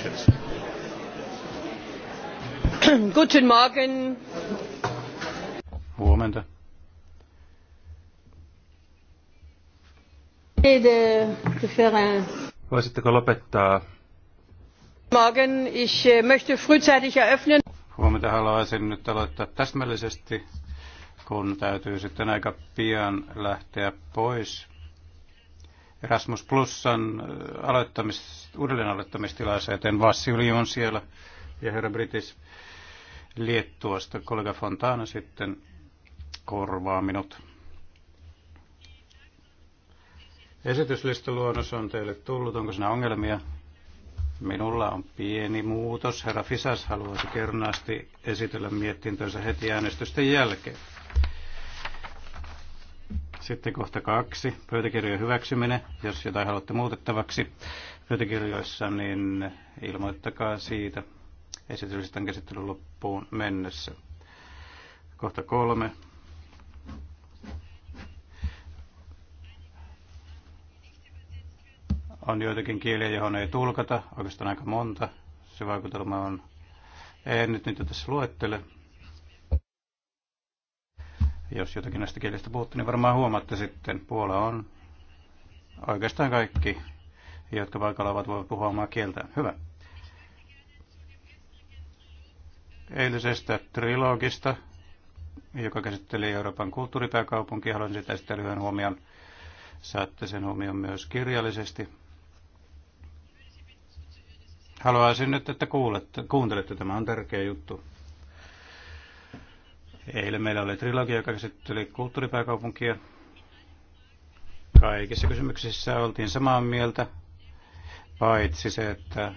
Guten Morgen. Huomenta. Voisitteko lopettaa? Morgen, ich äh, möchte frühzeitig eröffnen. Huomenta haluaisin nyt aloittaa täsmällisesti, kun täytyy sitten aika pian lähteä pois Erasmus Plusan äh, aloittamis, uudelleen aloittamistilaisuuteen. Vassili on siellä ja herra Britis Liettuosta. Kollega Fontana sitten korvaa minut. Esityslistaluonnos on teille tullut. Onko siinä ongelmia? Minulla on pieni muutos. Herra Fisas haluaisi kernaasti esitellä miettintönsä heti äänestysten jälkeen. Sitten kohta kaksi, pöytäkirjojen hyväksyminen. Jos jotain haluatte muutettavaksi pöytäkirjoissa, niin ilmoittakaa siitä esityksestä käsittelyn loppuun mennessä. Kohta kolme. On joitakin kieliä, johon ei tulkata, oikeastaan aika monta. Se vaikutelma on, en nyt niitä tässä luettele, jos jotakin näistä kielistä puhuttu, niin varmaan huomaatte sitten. Puola on oikeastaan kaikki, jotka paikalla ovat, voivat puhua omaa kieltään. Hyvä. Eilisestä trilogista, joka käsitteli Euroopan kulttuuripääkaupunkia, haluan sitä sitten lyhyen huomion. Saatte sen huomion myös kirjallisesti. Haluaisin nyt, että kuulette, kuuntelette. Tämä on tärkeä juttu. Eilen meillä oli trilogia, joka käsitteli kulttuuripääkaupunkia. Kaikissa kysymyksissä oltiin samaa mieltä, paitsi se, että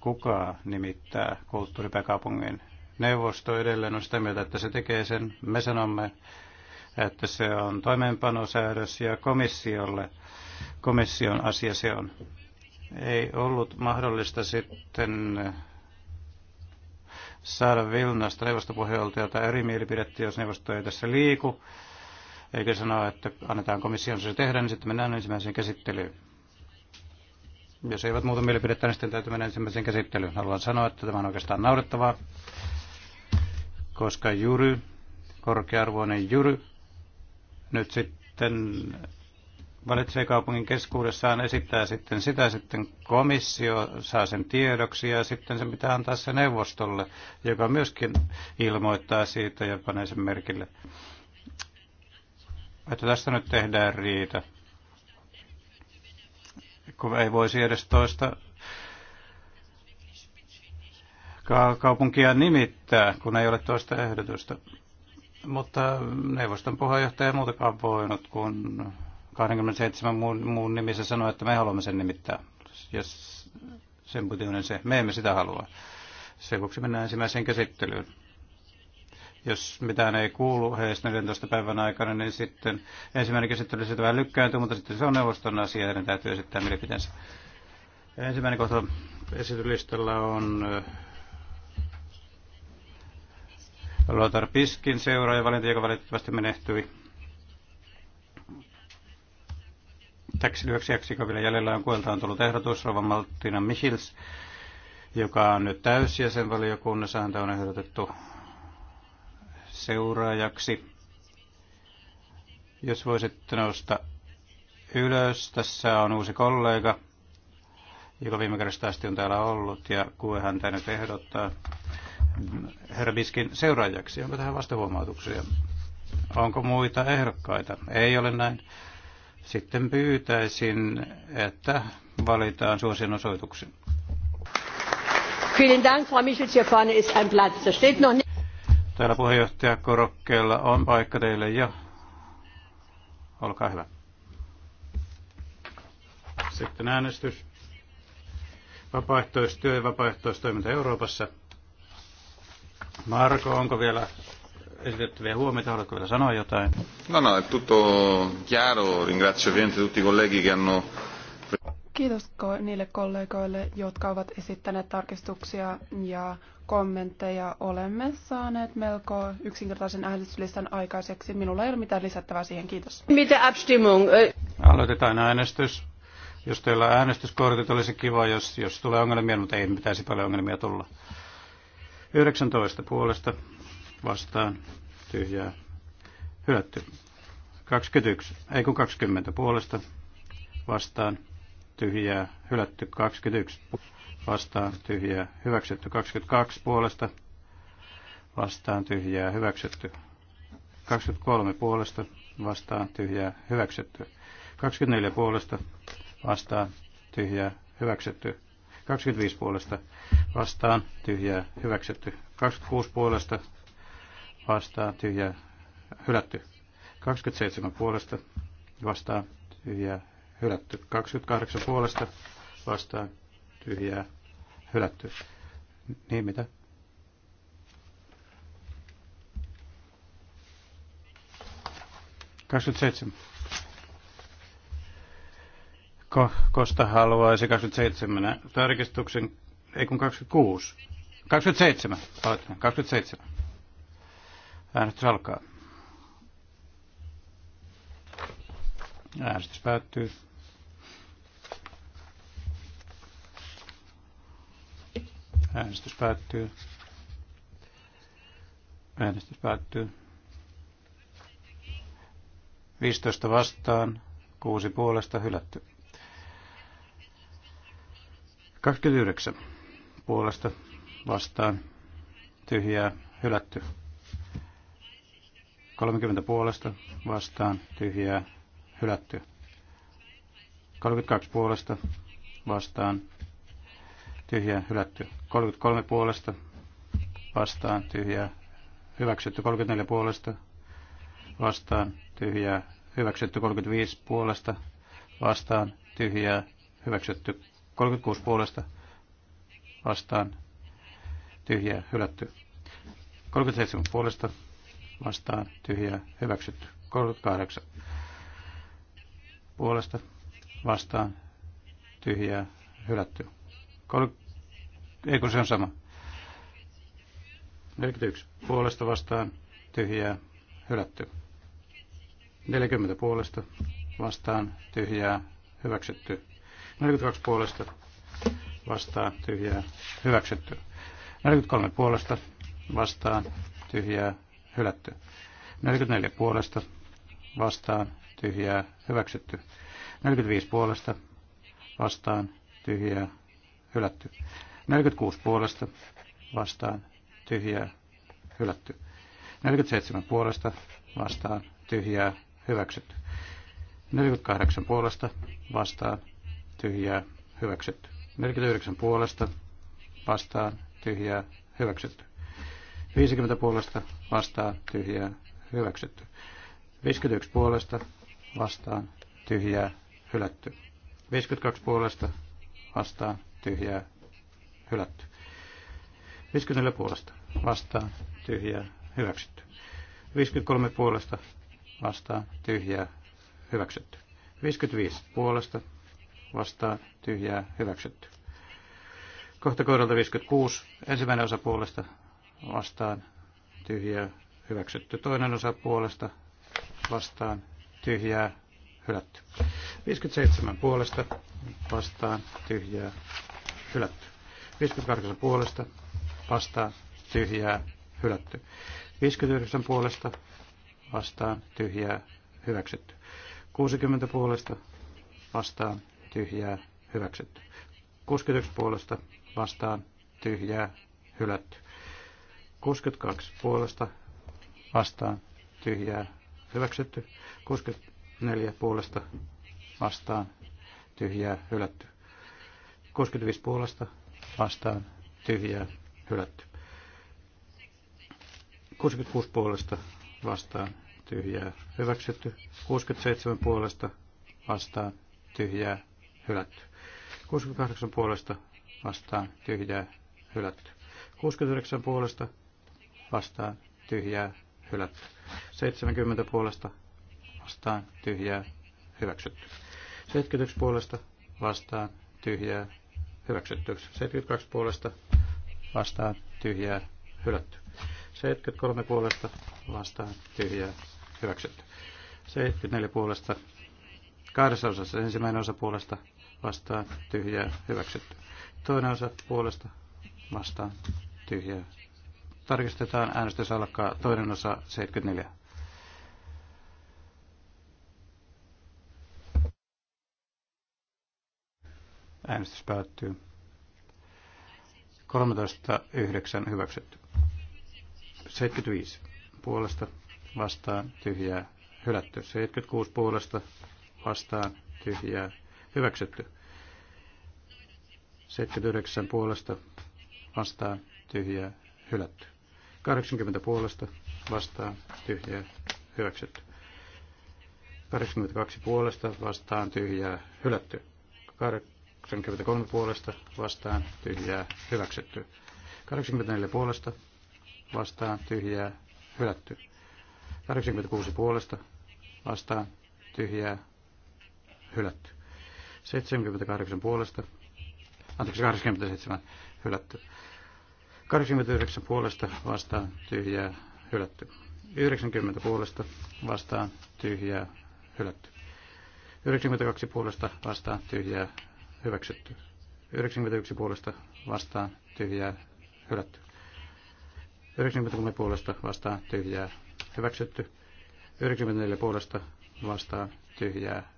kuka nimittää kulttuuripääkaupungin. Neuvosto edelleen on sitä mieltä, että se tekee sen. Me sanomme, että se on toimeenpanosäädös ja komissiolle komission asia se on. Ei ollut mahdollista sitten saada Vilnasta neuvostopuheenjohtajalta eri mielipidettä, jos neuvosto ei tässä liiku, eikä sanoa, että annetaan komission se tehdä, niin sitten mennään ensimmäiseen käsittelyyn. Jos eivät muuta mielipidettä, niin sitten täytyy mennä ensimmäiseen käsittelyyn. Haluan sanoa, että tämä on oikeastaan naurettavaa, koska jury, korkearvoinen jury, nyt sitten valitsee kaupungin keskuudessaan, esittää sitten sitä, sitten komissio saa sen tiedoksi ja sitten se pitää antaa se neuvostolle, joka myöskin ilmoittaa siitä ja panee sen merkille. Että tästä nyt tehdään riitä, kun ei voisi edes toista kaupunkia nimittää, kun ei ole toista ehdotusta. Mutta neuvoston puheenjohtaja ei muutakaan voinut, kun 27 muun, muun nimissä sanoi, että me haluamme sen nimittää. Jos sen putinen se, me emme sitä halua. Sen vuoksi mennään ensimmäiseen käsittelyyn. Jos mitään ei kuulu heistä 14 päivän aikana, niin sitten ensimmäinen käsittely sitä vähän lykkääntyy, mutta sitten se on neuvoston asia ja ne täytyy esittää mielipiteensä. Ensimmäinen kohta esitylistalla on äh, Lothar Piskin seuraaja valinta, joka valitettavasti menehtyi Täksi lyhyeksi jaksi, joka vielä jäljellä on kuelta, on tullut ehdotus Rova malttina Michils, joka on nyt täysjäsenvaliokunnassa. Häntä on ehdotettu seuraajaksi. Jos voisitte nousta ylös. Tässä on uusi kollega, joka viime kerrasta asti on täällä ollut, ja kue häntä nyt ehdottaa herra Biskin seuraajaksi. Onko tähän vastahuomautuksia? Onko muita ehdokkaita? Ei ole näin. Sitten pyytäisin, että valitaan suosien osoituksen. Vielen Dank, Frau Michel. Hier vorne ist ein Platz. Da steht noch nicht. Täällä puheenjohtaja Korokkeella on paikka teille ja olkaa hyvä. Sitten äänestys. Vapaaehtoistyö ja vapaaehtoistoiminta Euroopassa. Marko, onko vielä esitettäviä huomioita. Haluatko vielä sanoa jotain? No no, è tutto chiaro. Ringrazio ovviamente tutti i colleghi che hanno... Kiitos niille kollegoille, jotka ovat esittäneet tarkistuksia ja kommentteja. Olemme saaneet melko yksinkertaisen äänestyslistan aikaiseksi. Minulla ei ole mitään lisättävää siihen. Kiitos. Mitä abstimmung? Aloitetaan äänestys. Jos teillä on äänestyskortit, olisi kiva, jos, jos tulee ongelmia, mutta ei pitäisi paljon ongelmia tulla. 19 puolesta vastaan tyhjää hylätty. 21, ei kun 20 puolesta vastaan tyhjää hylätty 21 vastaan tyhjää hyväksytty 22 puolesta vastaan tyhjää hyväksytty 23 puolesta vastaan tyhjää hyväksytty 24 puolesta vastaan tyhjää hyväksytty 25 puolesta vastaan tyhjää hyväksytty 26 puolesta Vastaa tyhjä hylätty. 27 puolesta vastaa tyhjä hylätty. 28 puolesta vastaa tyhjä hylätty. Niin mitä? Ko, Kosta haluaisi 27 tarkistuksen, ei kun 26. 27, 27. Äänestys alkaa. Äänestys päättyy. Äänestys päättyy. Äänestys päättyy. 15 vastaan, 6 puolesta hylätty. 29 puolesta vastaan, tyhjää hylätty. 30 puolesta vastaan tyhjää hylätty. 32 puolesta vastaan tyhjää hylätty. 33 puolesta vastaan tyhjää hyväksytty. 34 puolesta vastaan tyhjää hyväksytty. 35 puolesta vastaan tyhjää hyväksytty. 36 puolesta vastaan tyhjää hylätty. 37 puolesta vastaan tyhjää hyväksytty. 38 puolesta vastaan tyhjää hylätty. Kol- Ei kun se on sama. 41 puolesta vastaan tyhjää hylätty. 40 puolesta vastaan tyhjää hyväksytty. 42 puolesta vastaan tyhjää hyväksytty. 43 puolesta vastaan tyhjää hylätty. 44 puolesta vastaan tyhjää hyväksytty. 45 puolesta vastaan tyhjää hylätty. 46 puolesta vastaan tyhjää hylätty. 47 puolesta vastaan tyhjää hyväksytty. 48 puolesta vastaan tyhjää hyväksytty. 49 puolesta vastaan tyhjää hyväksytty. 50 puolesta vastaan tyhjää hyväksytty. 51 puolesta vastaan tyhjää hylätty. 52 puolesta vastaan tyhjää hylätty. 54 puolesta vastaan tyhjää hyväksytty. 53 puolesta vastaan tyhjää hyväksytty. 55 puolesta vastaan tyhjää hyväksytty. Kohta kohdalta 56, ensimmäinen osa puolesta vastaan tyhjää hyväksytty. Toinen osa puolesta vastaan tyhjää hylätty. 57 puolesta vastaan tyhjää hylätty. 58 puolesta vastaan tyhjää hylätty. 59 puolesta vastaan tyhjää hyväksytty. 60 puolesta vastaan tyhjää hyväksytty. 61 puolesta vastaan tyhjää hylätty. 62 puolesta vastaan tyhjää hyväksytty. 64 puolesta vastaan tyhjää hylätty. 65 puolesta vastaan tyhjää hylätty. 66 puolesta vastaan tyhjää hyväksytty. 67 puolesta vastaan tyhjää hylätty. 68 puolesta vastaan tyhjää hylätty. 69 puolesta vastaan tyhjää hylätty. 70 puolesta vastaan tyhjää hyväksytty. 71 puolesta vastaan tyhjää hyväksytty. 72 puolesta vastaan tyhjää hylätty. 73 puolesta vastaan tyhjää hyväksytty. 74 puolesta kahdessa osassa ensimmäinen osa puolesta vastaan tyhjää hyväksytty. Toinen osa puolesta vastaan tyhjää Tarkistetaan. Äänestys alkaa. Toinen osa 74. Äänestys päättyy. 13.9. hyväksytty. 75 puolesta vastaan tyhjää hylätty. 76 puolesta vastaan tyhjää hyväksytty. 79 puolesta vastaan tyhjää hylätty. 80 puolesta vastaan tyhjää hyväksytty. 82 puolesta vastaan tyhjää hylätty. 83 puolesta vastaan tyhjää hyväksytty. 84 puolesta vastaan tyhjää hylätty. 86 puolesta vastaan tyhjää hylätty. 78 puolesta, anteeksi 87 hylätty. 89 puolesta vastaan tyhjää hylätty. 90 puolesta vastaan tyhjää hylätty. 92 puolesta vastaan tyhjää hyväksytty. 91 puolesta vastaan tyhjää hylätty. 93 puolesta vastaan tyhjää hyväksytty. 94 puolesta vastaan tyhjää.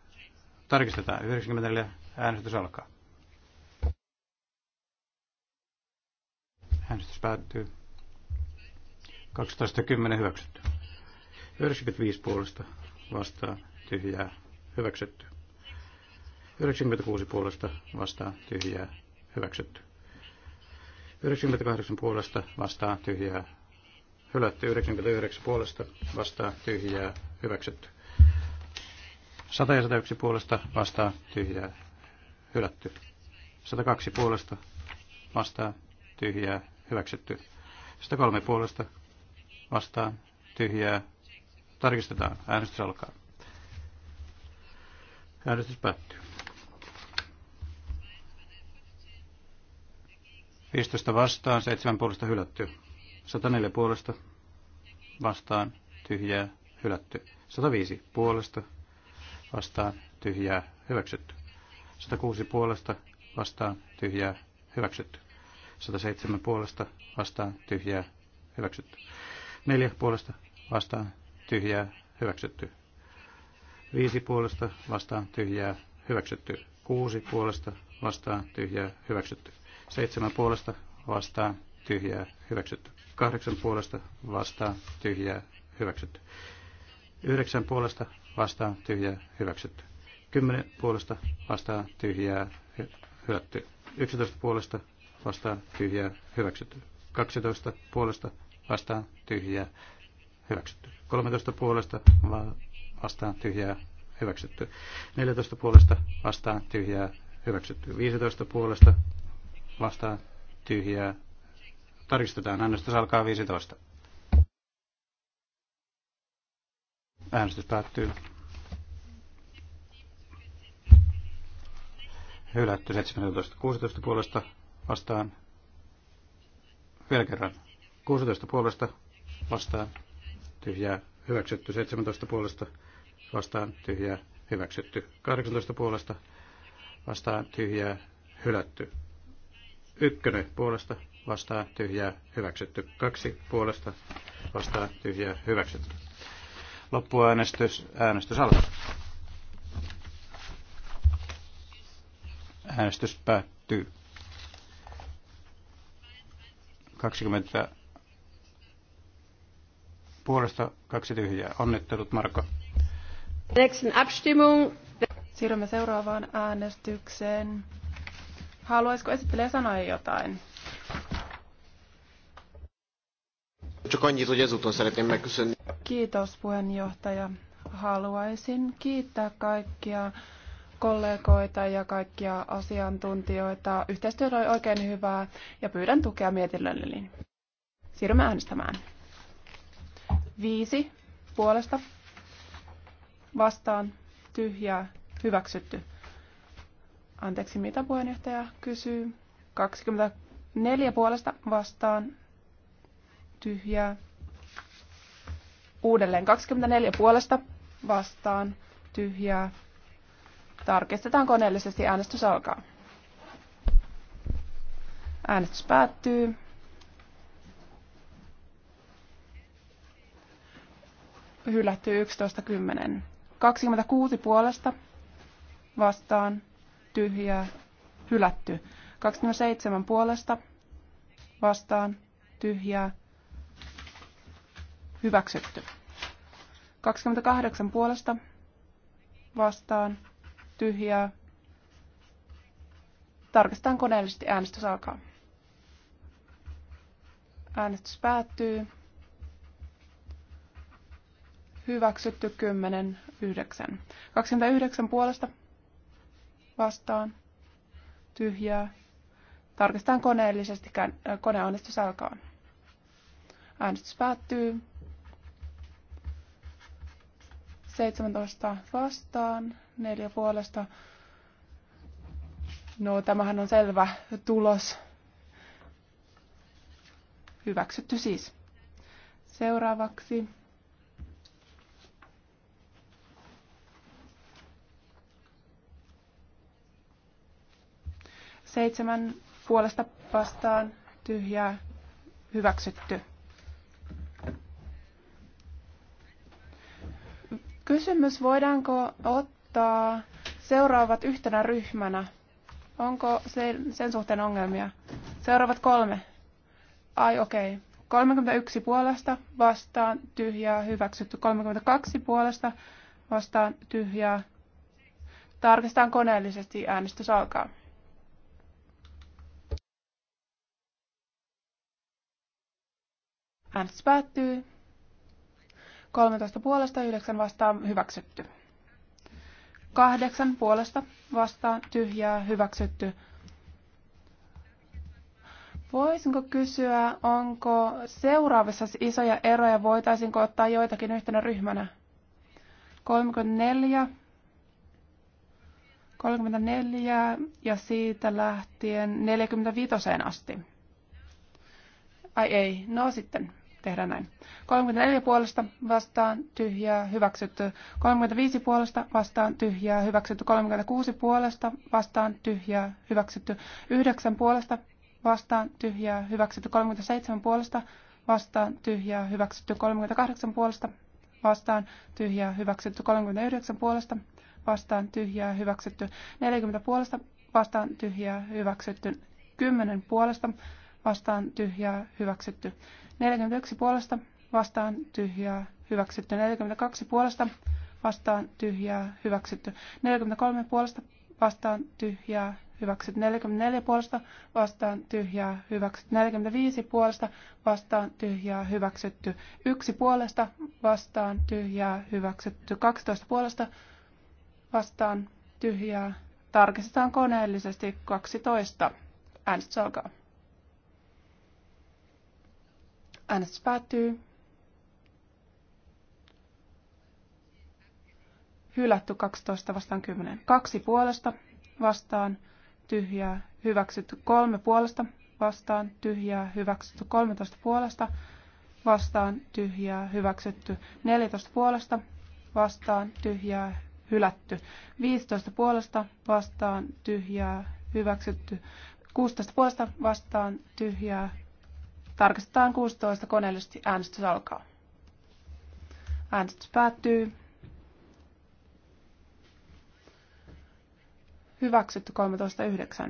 Tarkistetaan. 94 äänestys alkaa. Äänestys päättyy. 12.10 hyväksytty. 95 puolesta vastaan tyhjää hyväksytty. 96 puolesta vastaan tyhjää hyväksytty. 98 puolesta vastaan tyhjää hylätty. 99 puolesta vastaan tyhjää hyväksytty. 100 ja 101 puolesta vastaan tyhjää hylätty. 102 puolesta vastaan tyhjää hyväksytty. 103 puolesta vastaan tyhjää. Tarkistetaan. Äänestys alkaa. Äänestys päättyy. 15 vastaan, 7 puolesta hylätty. 104 puolesta vastaan, tyhjää, hylätty. 105 puolesta vastaan, tyhjää, hyväksytty. 106 puolesta vastaan, tyhjää, hyväksytty. 107 puolesta vastaan tyhjää hyväksytty. 4 puolesta vastaan tyhjää hyväksytty. 5 puolesta vastaan tyhjää hyväksytty. 6 puolesta vastaan tyhjää hyväksytty. 7 puolesta vastaan tyhjää hyväksytty. 8 puolesta vastaan tyhjää hyväksytty. 9 puolesta vastaan tyhjää hyväksytty. 10 puolesta vastaan tyhjää hylätty. 11 puolesta vastaan tyhjää hyväksytty. 12 puolesta vastaan tyhjää hyväksytty. 13 puolesta vastaan tyhjää hyväksytty. 14 puolesta vastaan tyhjää hyväksytty. 15 puolesta vastaan tyhjää. Tarkistetaan. Äänestys alkaa 15. Äänestys päättyy. Hylätty 17.16 puolesta vastaan. Vielä kerran. 16 puolesta vastaan tyhjää hyväksytty. 17 puolesta vastaan tyhjää hyväksytty. 18 puolesta vastaan tyhjää hylätty. Ykkönen puolesta vastaan tyhjää hyväksytty. Kaksi puolesta vastaan tyhjää hyväksytty. Loppuäänestys. Äänestys alkaa. Äänestys päättyy. 20 puolesta, kaksi tyhjää. Onnittelut Marko. Siirrymme seuraavaan äänestykseen. Haluaisiko esittelee sanoa jotain? Kiitos puheenjohtaja. Haluaisin kiittää kaikkia kollegoita ja kaikkia asiantuntijoita. Yhteistyö oli oikein hyvää ja pyydän tukea mietinnölleni. Siirrymme äänestämään. Viisi puolesta vastaan tyhjää hyväksytty. Anteeksi, mitä puheenjohtaja kysyy? 24 puolesta vastaan tyhjää. Uudelleen 24 puolesta vastaan tyhjää Tarkistetaan koneellisesti. Äänestys alkaa. Äänestys päättyy. Hylätty 11.10. 26 puolesta vastaan tyhjää hylätty. 27 puolesta vastaan tyhjää hyväksytty. 28 puolesta vastaan tyhjää. Tarkistetaan koneellisesti. Äänestys alkaa. Äänestys päättyy. Hyväksytty 10, 9. 29 puolesta vastaan. Tyhjää. Tarkistetaan koneellisesti. Äh, koneäänestys alkaa. Äänestys päättyy. 17 vastaan, 4 puolesta. No tämähän on selvä tulos. Hyväksytty siis. Seuraavaksi seitsemän puolesta vastaan tyhjää hyväksytty. Kysymys, voidaanko ottaa seuraavat yhtenä ryhmänä? Onko se, sen suhteen ongelmia? Seuraavat kolme. Ai okei. Okay. 31 puolesta vastaan tyhjää hyväksytty. 32 puolesta vastaan tyhjää. Tarkistetaan koneellisesti äänestys alkaa. Äänestys päättyy. 13 puolesta, 9 vastaan hyväksytty. 8 puolesta vastaan tyhjää hyväksytty. Voisinko kysyä, onko seuraavissa isoja eroja, voitaisinko ottaa joitakin yhtenä ryhmänä? 34, 34 ja siitä lähtien 45 asti. Ai ei, no sitten tehdään näin. 34 puolesta vastaan tyhjää hyväksytty. 35 puolesta vastaan tyhjää hyväksytty. 36 puolesta vastaan tyhjää hyväksytty. 9 puolesta vastaan tyhjää hyväksytty. 37 puolesta vastaan tyhjää hyväksytty. 38 puolesta vastaan tyhjää hyväksytty. 39 puolesta vastaan tyhjää hyväksytty. 40 puolesta vastaan tyhjää hyväksytty. 10 puolesta vastaan tyhjää hyväksytty. 41 puolesta vastaan tyhjää hyväksytty. 42 puolesta vastaan tyhjää hyväksytty. 43 puolesta vastaan tyhjää hyväksytty. 44 puolesta vastaan tyhjää hyväksytty. 45 puolesta vastaan tyhjää hyväksytty. 1 puolesta vastaan tyhjää hyväksytty. 12 puolesta vastaan tyhjää. Tarkistetaan koneellisesti 12. Äänestys alkaa. Äänestys päättyy. Hylätty 12 vastaan 10. Kaksi puolesta vastaan tyhjää hyväksytty kolme puolesta vastaan tyhjää hyväksytty 13 puolesta vastaan tyhjää hyväksytty 14 puolesta vastaan tyhjää hylätty 15 puolesta vastaan tyhjää hyväksytty 16 puolesta vastaan tyhjää Tarkistetaan 16 koneellisesti. Äänestys alkaa. Äänestys päättyy. Hyväksytty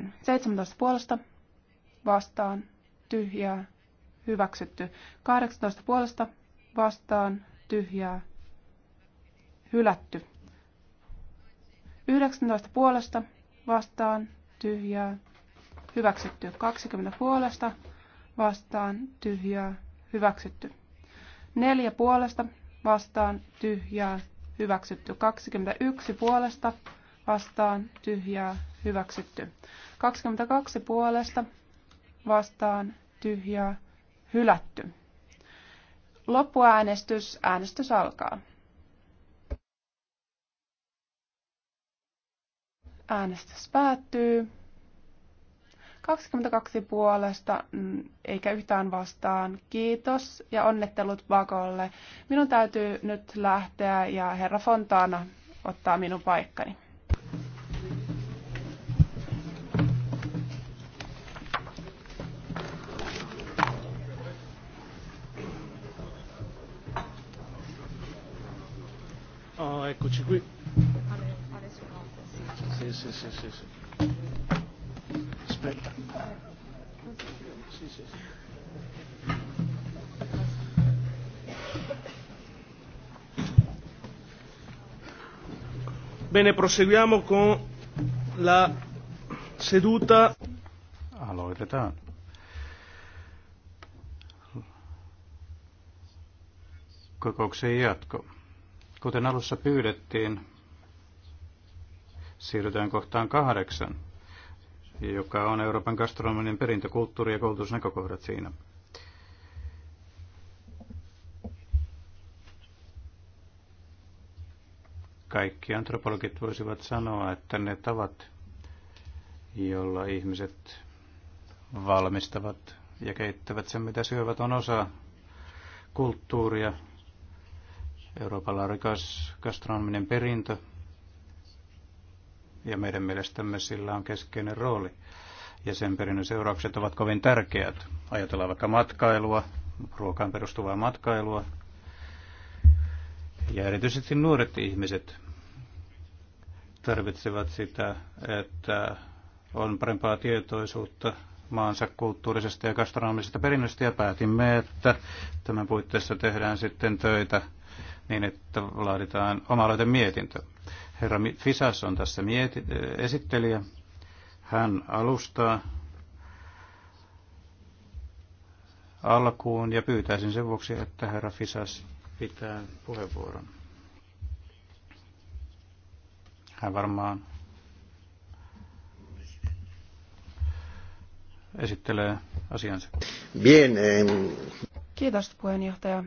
13.9. 17 puolesta vastaan tyhjää hyväksytty. 18 puolesta vastaan tyhjää hylätty. 19 puolesta vastaan tyhjää hyväksytty. 20 puolesta vastaan tyhjää hyväksytty. Neljä puolesta vastaan tyhjää hyväksytty. 21 puolesta vastaan tyhjää hyväksytty. 22 puolesta vastaan tyhjää hylätty. Loppuäänestys. Äänestys alkaa. Äänestys päättyy. 22 puolesta, mm, eikä yhtään vastaan. Kiitos ja onnittelut Bakolle. Minun täytyy nyt lähteä ja herra Fontana ottaa minun paikkani. Oh, eccoci qui. Sì, sì, sì, sì, sì. Aspetta. Bene, proseguiamo con la seduta. Aloitetaan. Kokouksen jatko. Kuten alussa pyydettiin, siirrytään kohtaan kahdeksan joka on Euroopan gastronominen perintö, kulttuuri- ja koulutusnäkökohdat siinä. Kaikki antropologit voisivat sanoa, että ne tavat, jolla ihmiset valmistavat ja keittävät sen, mitä syövät, on osa kulttuuria. Euroopalla on rikas gastronominen perintö, ja meidän mielestämme sillä on keskeinen rooli. Ja sen perinnön seuraukset ovat kovin tärkeät. Ajatellaan vaikka matkailua, ruokaan perustuvaa matkailua, ja erityisesti nuoret ihmiset tarvitsevat sitä, että on parempaa tietoisuutta maansa kulttuurisesta ja gastronomisesta perinnöstä ja päätimme, että tämän puitteissa tehdään sitten töitä niin, että laaditaan oma mietintö. Herra Fisas on tässä mieti- äh, esittelijä. Hän alustaa alkuun ja pyytäisin sen vuoksi, että herra Fisas pitää puheenvuoron. Hän varmaan esittelee asiansa. Bien. Eh, Kiitos puheenjohtaja.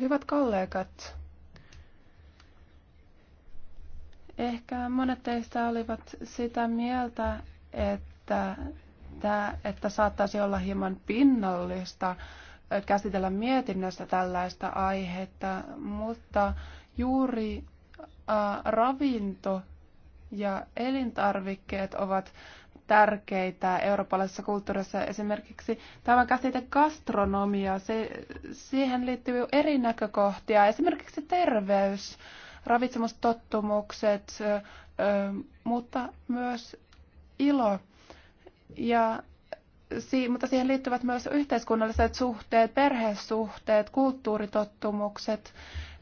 Hyvät kollegat, Ehkä monet teistä olivat sitä mieltä, että, että saattaisi olla hieman pinnallista käsitellä mietinnössä tällaista aihetta, mutta juuri ravinto ja elintarvikkeet ovat tärkeitä eurooppalaisessa kulttuurissa. Esimerkiksi tämä käsite gastronomia, se, siihen liittyy eri näkökohtia, esimerkiksi terveys ravitsemustottumukset, mutta myös ilo. Ja mutta siihen liittyvät myös yhteiskunnalliset suhteet, perhesuhteet, kulttuuritottumukset,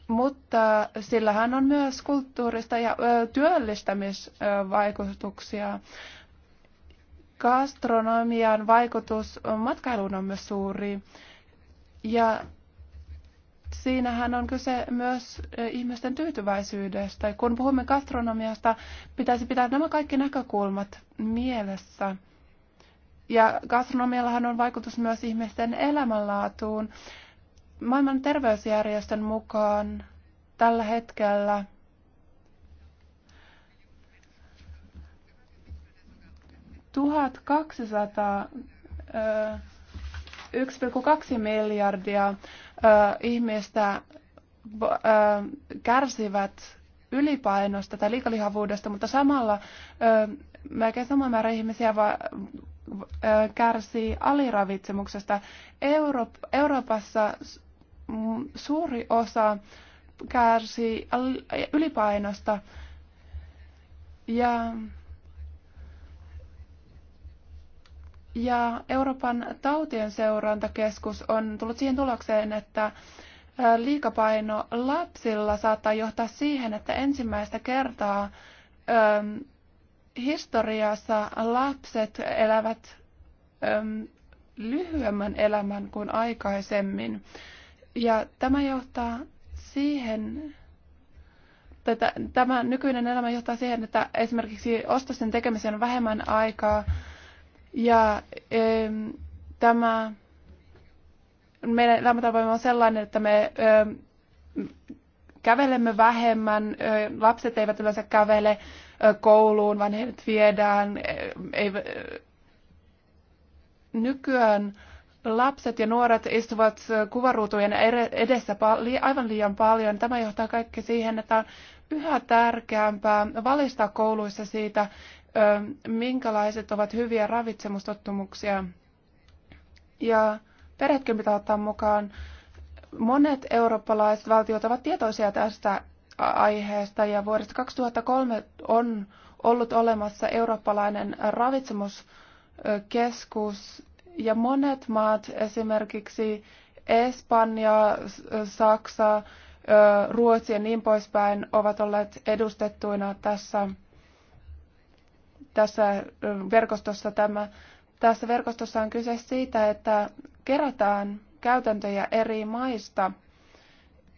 mutta sillähän on myös kulttuurista ja työllistämisvaikutuksia. Gastronomian vaikutus matkailuun on myös suuri. Ja siinähän on kyse myös e, ihmisten tyytyväisyydestä. Kun puhumme gastronomiasta, pitäisi pitää nämä kaikki näkökulmat mielessä. Ja gastronomiallahan on vaikutus myös ihmisten elämänlaatuun. Maailman terveysjärjestön mukaan tällä hetkellä tuhat 1200 e, 1,2 miljardia ihmistä kärsivät ylipainosta tai liikalihavuudesta, mutta samalla melkein sama määrä ihmisiä va, kärsii aliravitsemuksesta. Euro, Euroopassa suuri osa kärsii ylipainosta ja Ja Euroopan tautien seurantakeskus on tullut siihen tulokseen, että liikapaino lapsilla saattaa johtaa siihen, että ensimmäistä kertaa ö, historiassa lapset elävät ö, lyhyemmän elämän kuin aikaisemmin. Ja tämä johtaa siihen, tätä, tämä nykyinen elämä johtaa siihen, että esimerkiksi ostosten tekemiseen on vähemmän aikaa, ja e, tämä meidän elämäntapamme on sellainen, että me ö, kävelemme vähemmän, ö, lapset eivät yleensä kävele ö, kouluun, vaan heidät viedään. E, e, nykyään lapset ja nuoret istuvat kuvaruutujen edessä aivan liian paljon. Tämä johtaa kaikki siihen, että on yhä tärkeämpää valistaa kouluissa siitä, minkälaiset ovat hyviä ravitsemustottumuksia. Ja perhetkin pitää ottaa mukaan. Monet eurooppalaiset valtiot ovat tietoisia tästä aiheesta ja vuodesta 2003 on ollut olemassa eurooppalainen ravitsemuskeskus ja monet maat, esimerkiksi Espanja, Saksa, Ruotsi ja niin poispäin, ovat olleet edustettuina tässä tässä verkostossa tämä. Tässä verkostossa on kyse siitä, että kerätään käytäntöjä eri maista.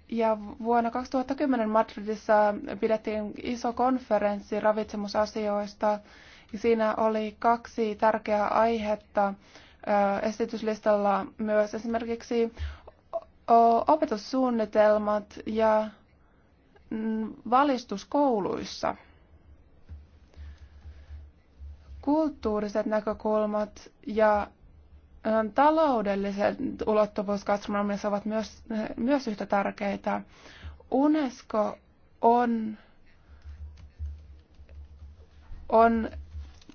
Ja vuonna 2010 Madridissa pidettiin iso konferenssi ravitsemusasioista. Ja siinä oli kaksi tärkeää aihetta esityslistalla myös esimerkiksi opetussuunnitelmat ja mm, valistuskouluissa kulttuuriset näkökulmat ja ähm, taloudelliset ulottuvuus gastronomiassa ovat myös, äh, myös yhtä tärkeitä. UNESCO on, on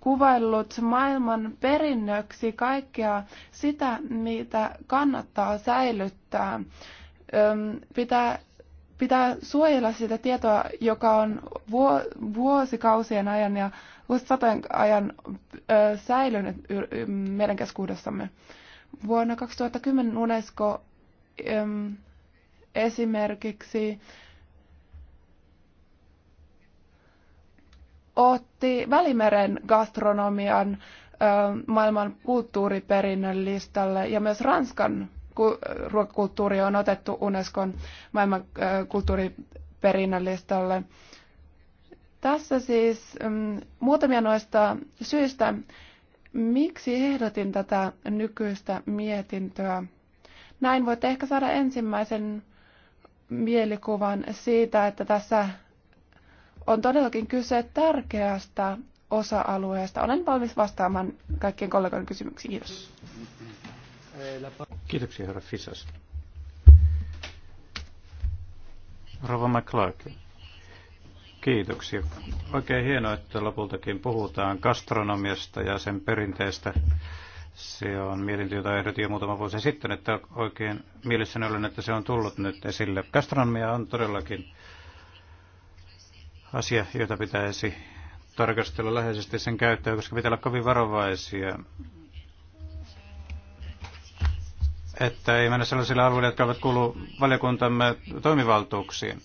kuvaillut maailman perinnöksi kaikkea sitä, mitä kannattaa säilyttää. Ähm, pitää, pitää suojella sitä tietoa, joka on vuosikausien ajan ja vuosisatojen ajan säilynyt meidän keskuudessamme. Vuonna 2010 UNESCO esimerkiksi otti Välimeren gastronomian maailman kulttuuriperinnön listalle ja myös Ranskan ruokakulttuuri on otettu Unescon maailman kulttuuriperinnön listalle. Tässä siis mm, muutamia noista syistä, miksi ehdotin tätä nykyistä mietintöä. Näin voitte ehkä saada ensimmäisen mielikuvan siitä, että tässä on todellakin kyse tärkeästä osa-alueesta. Olen valmis vastaamaan kaikkien kollegoiden kysymyksiin. Kiitos. Kiitoksia, herra Fisas. Rova McClarkin. Kiitoksia. Oikein hienoa, että lopultakin puhutaan gastronomiasta ja sen perinteestä. Se on mietintö, jota ehdotin jo muutama vuosi sitten, että oikein mielessäni olen, että se on tullut nyt esille. Gastronomia on todellakin asia, jota pitäisi tarkastella läheisesti sen käyttöä, koska pitää olla kovin varovaisia että ei mennä sellaisille alueille, jotka ovat kuulu valiokuntamme toimivaltuuksiin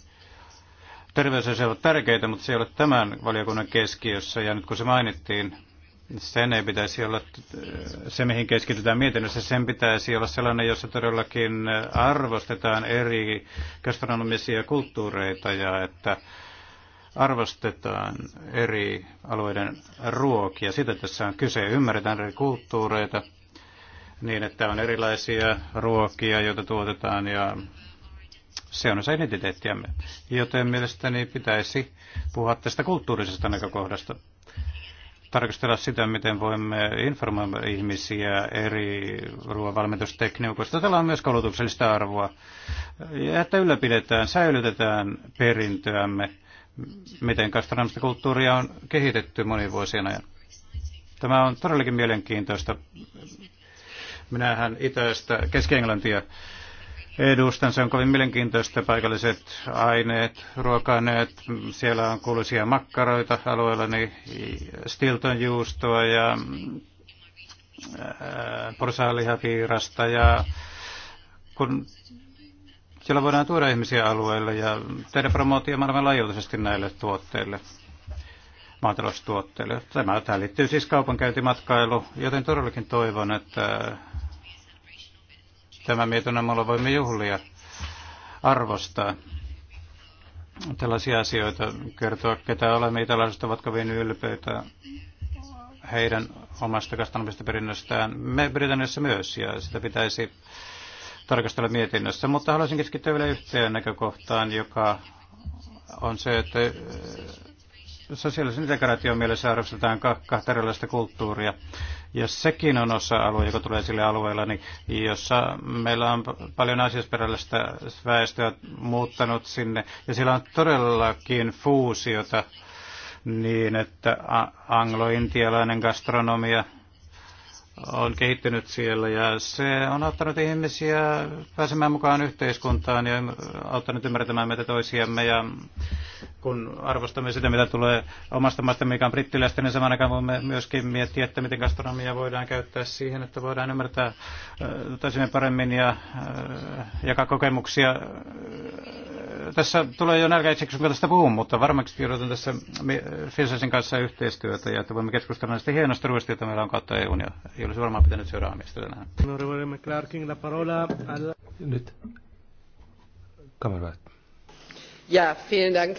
terveysasiat ovat tärkeitä, mutta se ei ole tämän valiokunnan keskiössä. Ja nyt kun se mainittiin, sen ei pitäisi olla se, mihin keskitytään mietinnössä. Sen pitäisi olla sellainen, jossa todellakin arvostetaan eri gastronomisia kulttuureita ja että arvostetaan eri alueiden ruokia. Sitä tässä on kyse. Ymmärretään eri kulttuureita niin, että on erilaisia ruokia, joita tuotetaan ja se on osa identiteettiämme, joten mielestäni pitäisi puhua tästä kulttuurisesta näkökohdasta. Tarkastella sitä, miten voimme informoida ihmisiä eri ruoanvalmentustekniikoista. Tällä on myös koulutuksellista arvoa. Ja että ylläpidetään, säilytetään perintöämme, miten kastronomista kulttuuria on kehitetty monin vuosien ajan. Tämä on todellakin mielenkiintoista. Minähän itäistä Keski-Englantia edustan. Se on kovin mielenkiintoista. Paikalliset aineet, ruoka-aineet. Siellä on kuuluisia makkaroita niin stilton juustoa ja äh, porsaalihapiirasta. Ja kun siellä voidaan tuoda ihmisiä alueelle ja tehdä promootio maailmanlaajuisesti näille tuotteille maataloustuotteille. Tämä, tämä liittyy siis kaupankäyntimatkailu, joten todellakin toivon, että Tämän mietinnön me voimme juhlia arvostaa tällaisia asioita, kertoa ketä olemme italaiset ovat kovin ylpeitä heidän omasta kastanomista perinnöstään. Me Britanniassa myös, ja sitä pitäisi tarkastella mietinnössä. Mutta haluaisin keskittyä vielä yhteen näkökohtaan, joka on se, että sosiaalisen integraation mielessä arvostetaan kahta erilaista kulttuuria. Ja sekin on osa-alue, joka tulee sille alueella, niin jossa meillä on paljon asiasperäistä väestöä muuttanut sinne. Ja siellä on todellakin fuusiota niin, että anglo-intialainen gastronomia on kehittynyt siellä ja se on auttanut ihmisiä pääsemään mukaan yhteiskuntaan ja auttanut ymmärtämään meitä toisiamme ja kun arvostamme sitä, mitä tulee omasta maasta, mikä on brittiläistä, niin samaan aikaan voimme myöskin miettiä, että miten gastronomia voidaan käyttää siihen, että voidaan ymmärtää äh, toisimme paremmin ja äh, jakaa kokemuksia. Äh, tässä tulee jo nälkä itse, kun tästä puhun, mutta varmasti joudutan tässä Fisasin kanssa yhteistyötä ja että voimme keskustella näistä hienosta ruoista, joita meillä on kautta EU ja ei olisi varmaan pitänyt seuraavaa miestä tänään. Nyt. kamerat. Ja, vielen äh,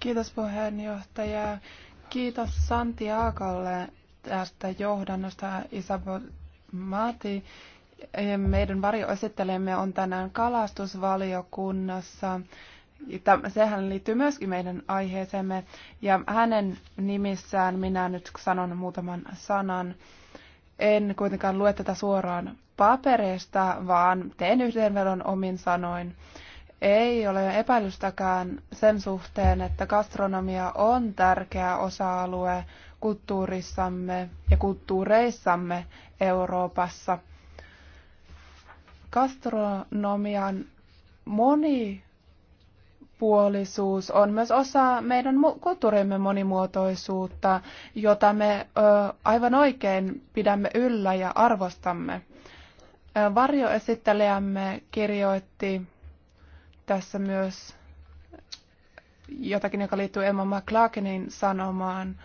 Kiitos puheenjohtaja. Kiitos Santiagolle tästä johdannosta Isabel Mati. Äh, meidän varjoesittelemme on tänään kalastusvaliokunnassa. Sehän liittyy myöskin meidän aiheeseemme. Ja hänen nimissään minä nyt sanon muutaman sanan. En kuitenkaan lue tätä suoraan paperista, vaan teen yhdenvedon omin sanoin. Ei ole epäilystäkään sen suhteen, että gastronomia on tärkeä osa-alue kulttuurissamme ja kulttuureissamme Euroopassa. Gastronomian monipuolisuus on myös osa meidän kulttuurimme monimuotoisuutta, jota me ö, aivan oikein pidämme yllä ja arvostamme. Varjoesittelijämme kirjoitti tässä myös jotakin, joka liittyy Emma McClarkinin sanomaan,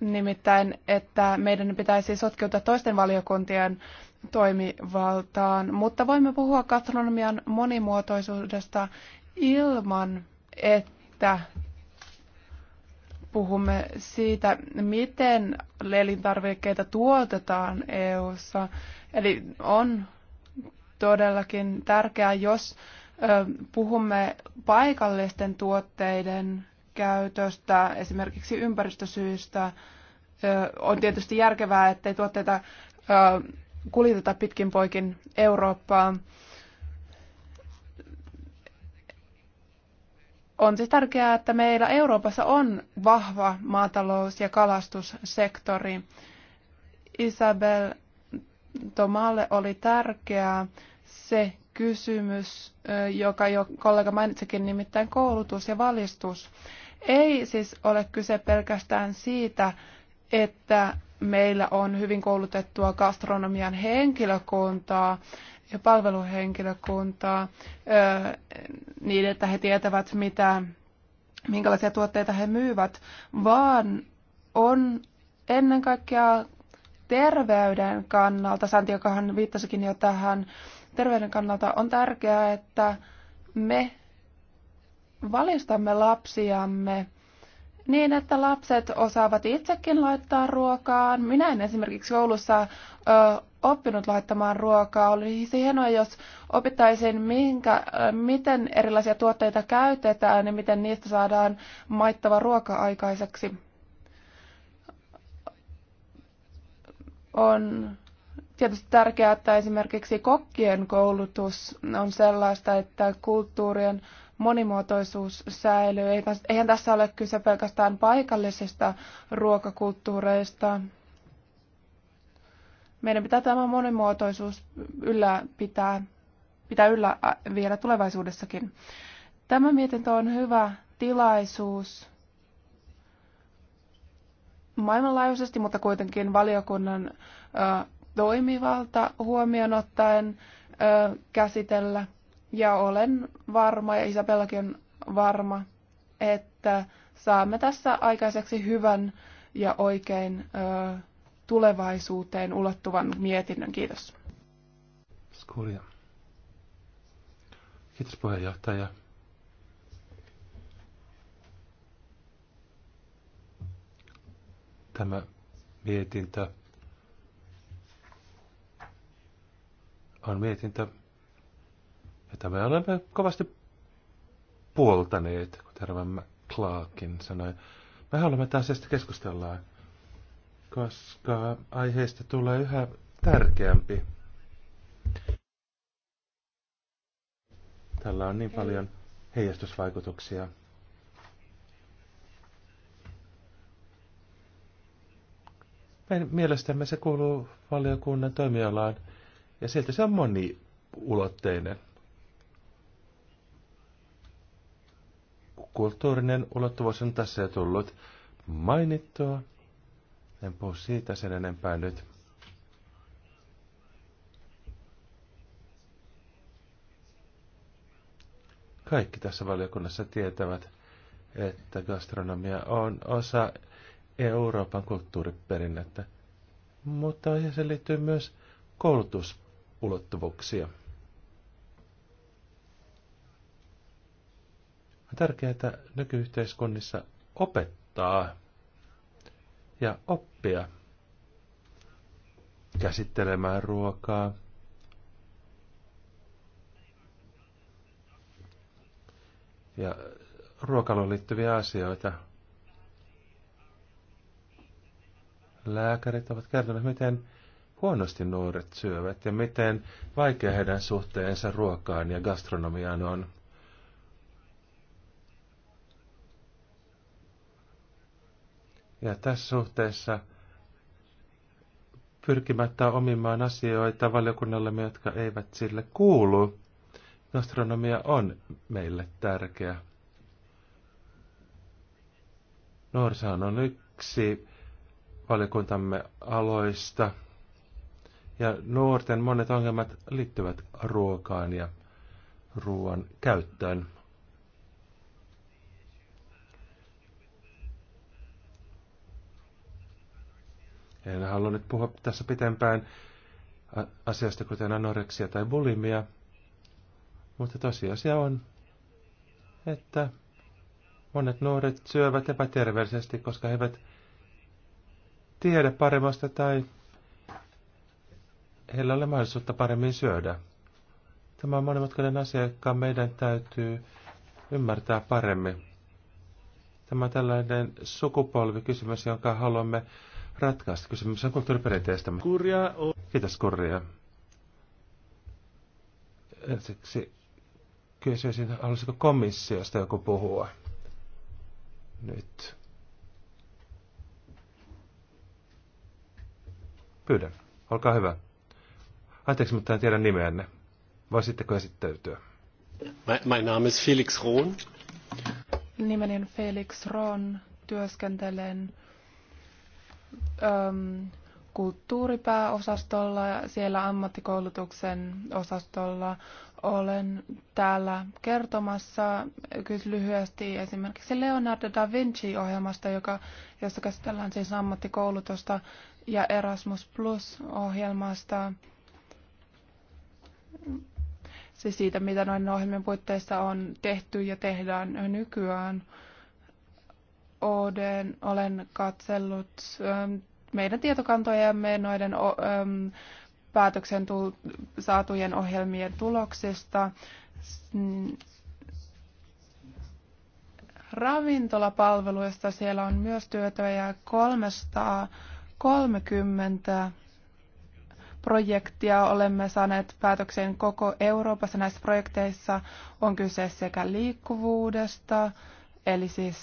nimittäin, että meidän pitäisi sotkeutua toisten valiokuntien toimivaltaan, mutta voimme puhua gastronomian monimuotoisuudesta ilman, että puhumme siitä, miten elintarvikkeita tuotetaan EU:ssa. Eli on todellakin tärkeää, jos puhumme paikallisten tuotteiden käytöstä esimerkiksi ympäristösyistä. On tietysti järkevää, ettei tuotteita kuljeteta pitkin poikin Eurooppaa. On siis tärkeää, että meillä Euroopassa on vahva maatalous- ja kalastussektori. Isabel Tomalle oli tärkeää se, kysymys, joka jo kollega mainitsikin, nimittäin koulutus ja valistus. Ei siis ole kyse pelkästään siitä, että meillä on hyvin koulutettua gastronomian henkilökuntaa ja palveluhenkilökuntaa, niin että he tietävät, mitä, minkälaisia tuotteita he myyvät, vaan on ennen kaikkea terveyden kannalta, Santiokahan viittasikin jo tähän, terveyden kannalta on tärkeää, että me valistamme lapsiamme niin, että lapset osaavat itsekin laittaa ruokaa. Minä en esimerkiksi koulussa ö, oppinut laittamaan ruokaa. Olisi hienoa, jos opittaisin, minkä, miten erilaisia tuotteita käytetään ja miten niistä saadaan maittava ruoka aikaiseksi. On tietysti tärkeää, että esimerkiksi kokkien koulutus on sellaista, että kulttuurien monimuotoisuus säilyy. Eihän tässä ole kyse pelkästään paikallisista ruokakulttuureista. Meidän pitää tämä monimuotoisuus yllä pitää, pitää yllä vielä tulevaisuudessakin. Tämä mietintö on hyvä tilaisuus maailmanlaajuisesti, mutta kuitenkin valiokunnan toimivalta huomioon ottaen ö, käsitellä. Ja olen varma, ja Isabellakin on varma, että saamme tässä aikaiseksi hyvän ja oikein ö, tulevaisuuteen ulottuvan mietinnön. Kiitos. Skolia. Kiitos puheenjohtaja. Tämä mietintö on mietintä, että me olemme kovasti puoltaneet, kuten Ravan Clarkin sanoi. Me haluamme taas asiasta keskustellaan, koska aiheesta tulee yhä tärkeämpi. Tällä on niin paljon heijastusvaikutuksia. mielestämme se kuuluu valiokunnan toimialaan ja silti se on moniulotteinen. Kulttuurinen ulottuvuus on tässä jo tullut mainittua. En puhu siitä sen enempää nyt. Kaikki tässä valiokunnassa tietävät, että gastronomia on osa Euroopan kulttuuriperinnettä, mutta aiheeseen liittyy myös koulutus ulottuvuuksia. On tärkeää, että nykyyhteiskunnissa opettaa ja oppia käsittelemään ruokaa, ja ruokailuun liittyviä asioita. Lääkärit ovat kertoneet, miten huonosti nuoret syövät ja miten vaikea heidän suhteensa ruokaan ja gastronomiaan on. Ja tässä suhteessa pyrkimättä omimaan asioita valiokunnallemme, jotka eivät sille kuulu. Gastronomia on meille tärkeä. Nuorisohan on yksi valiokuntamme aloista, ja nuorten monet ongelmat liittyvät ruokaan ja ruoan käyttöön. En halua nyt puhua tässä pitempään asiasta kuten anoreksia tai bulimia, mutta tosiasia on, että monet nuoret syövät epäterveellisesti, koska he eivät tiedä paremmasta tai heillä ole mahdollisuutta paremmin syödä. Tämä on monimutkainen asia, joka meidän täytyy ymmärtää paremmin. Tämä on tällainen sukupolvikysymys, jonka haluamme ratkaista. Kysymys on kulttuuriperinteestämme. Kurja on... Kiitos, kurja. Ensiksi kysyisin, haluaisiko komissiosta joku puhua? Nyt. Pyydän, olkaa hyvä. Anteeksi, mutta en tiedä nimeänne. Voisitteko esittäytyä? my Name is Felix Rohn. Nimeni on Felix Rohn. Työskentelen äm, kulttuuripääosastolla ja siellä ammattikoulutuksen osastolla. Olen täällä kertomassa lyhyesti esimerkiksi Leonardo da Vinci-ohjelmasta, joka, jossa käsitellään siis ammattikoulutusta ja Erasmus Plus-ohjelmasta se siitä, mitä noin ohjelmien puitteissa on tehty ja tehdään nykyään. Oden, olen katsellut ähm, meidän tietokantojamme noiden ähm, päätöksen saatujen ohjelmien tuloksista. Ravintolapalveluista siellä on myös työtä ja 330 projektia olemme saaneet päätökseen koko Euroopassa. Näissä projekteissa on kyse sekä liikkuvuudesta, eli siis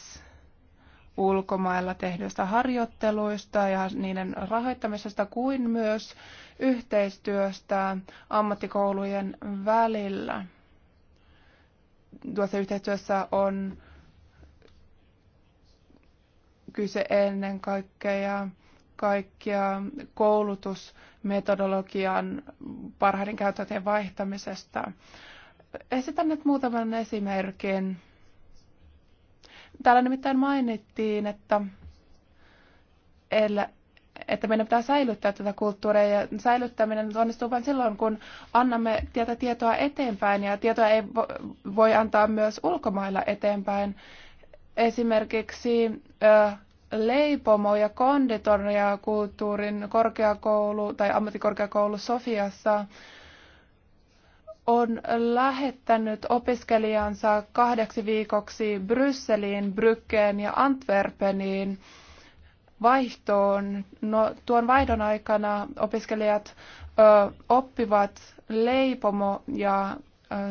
ulkomailla tehdyistä harjoitteluista ja niiden rahoittamisesta, kuin myös yhteistyöstä ammattikoulujen välillä. Tuossa yhteistyössä on kyse ennen kaikkea kaikkia koulutusmetodologian parhaiden käytäntöjen vaihtamisesta. Esitän nyt muutaman esimerkin. Täällä nimittäin mainittiin, että, että meidän pitää säilyttää tätä kulttuuria ja säilyttäminen onnistuu vain silloin, kun annamme tietä tietoa eteenpäin ja tietoa ei voi antaa myös ulkomailla eteenpäin. Esimerkiksi leipomo- ja konditoriakulttuurin korkeakoulu tai ammattikorkeakoulu Sofiassa on lähettänyt opiskelijansa kahdeksi viikoksi Brysseliin, Brykkeen ja Antwerpeniin vaihtoon. No, tuon vaihdon aikana opiskelijat ö, oppivat leipomo- ja ö,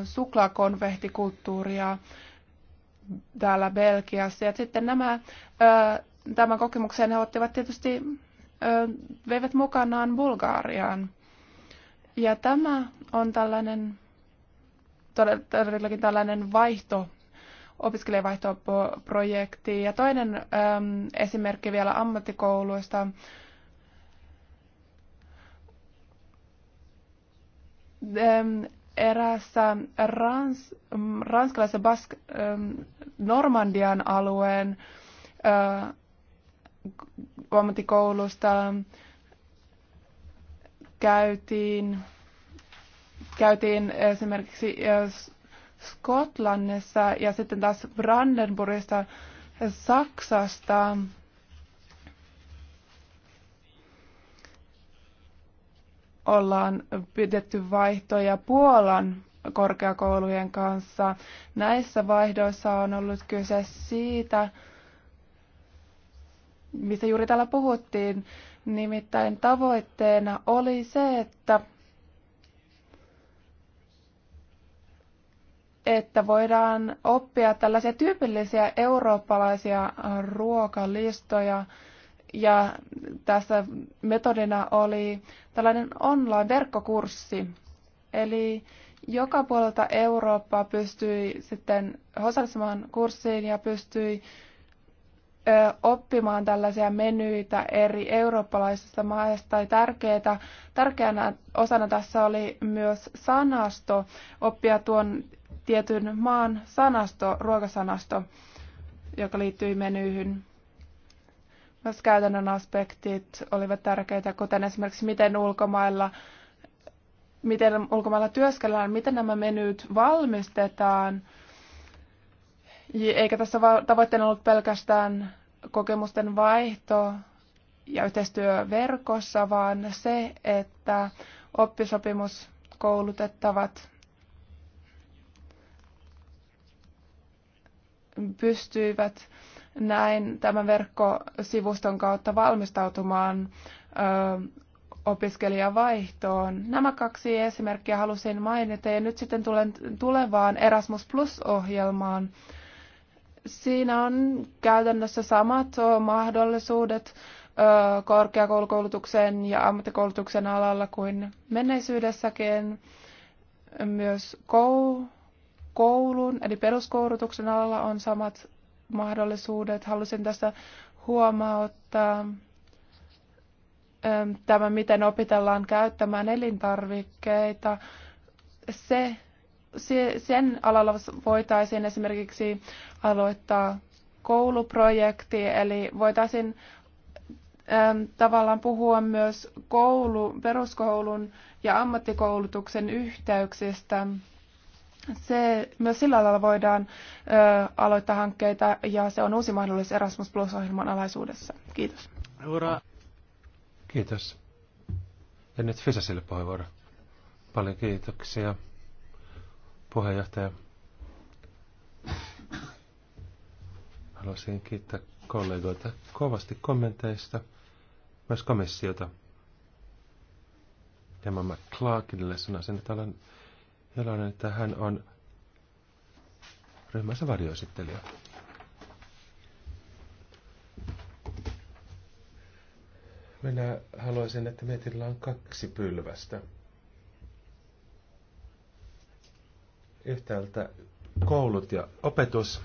suklaakonvehtikulttuuria täällä Belgiassa. Ja sitten nämä ö, tämän kokemuksen he ottivat tietysti, veivät mukanaan Bulgaariaan. Ja tämä on tällainen, todellakin tällainen vaihto, opiskelijavaihtoprojekti. Ja toinen äm, esimerkki vielä ammattikouluista. erässä eräässä rans, ranskalaisen Bask, Normandian alueen ammattikoulusta käytiin, käytiin esimerkiksi äh, Skotlannissa ja sitten taas Brandenburgista äh, Saksasta. Ollaan pidetty vaihtoja Puolan korkeakoulujen kanssa. Näissä vaihdoissa on ollut kyse siitä, mistä juuri täällä puhuttiin. Nimittäin tavoitteena oli se, että, että voidaan oppia tällaisia tyypillisiä eurooppalaisia ruokalistoja. Ja tässä metodina oli tällainen online-verkkokurssi. Eli joka puolelta Eurooppaa pystyi sitten osallistumaan kurssiin ja pystyi oppimaan tällaisia menyitä eri eurooppalaisista maista. Tai tärkeää, tärkeänä osana tässä oli myös sanasto, oppia tuon tietyn maan sanasto, ruokasanasto, joka liittyy menyyhyn. Myös käytännön aspektit olivat tärkeitä, kuten esimerkiksi miten ulkomailla miten ulkomailla työskennellään, miten nämä menyt valmistetaan. Eikä tässä tavoitteena ollut pelkästään kokemusten vaihto ja yhteistyö verkossa, vaan se, että oppisopimuskoulutettavat pystyivät näin tämän verkkosivuston kautta valmistautumaan ö, opiskelijavaihtoon. Nämä kaksi esimerkkiä halusin mainita ja nyt sitten tulen tulevaan Erasmus Plus-ohjelmaan. Siinä on käytännössä samat mahdollisuudet korkeakoulukoulutuksen ja ammattikoulutuksen alalla kuin menneisyydessäkin. Myös koulun, eli peruskoulutuksen alalla on samat mahdollisuudet. Halusin tässä huomauttaa tämä, miten opitellaan käyttämään elintarvikkeita. Se sen alalla voitaisiin esimerkiksi aloittaa kouluprojekti, eli voitaisiin ähm, tavallaan puhua myös koulu, peruskoulun ja ammattikoulutuksen yhteyksistä. Se, myös sillä alalla voidaan ö, äh, aloittaa hankkeita ja se on uusi mahdollisuus Erasmus Plus-ohjelman alaisuudessa. Kiitos. Hurra. Kiitos. Ja nyt Fisasille puheenvuoro. Paljon kiitoksia puheenjohtaja. Haluaisin kiittää kollegoita kovasti kommenteista, myös komissiota. Ja mä McClarkinille sanoisin, että olen iloinen, että hän on ryhmänsä varjoesittelijä. Minä haluaisin, että mietillä on kaksi pylvästä. Yhtäältä koulut ja opetus.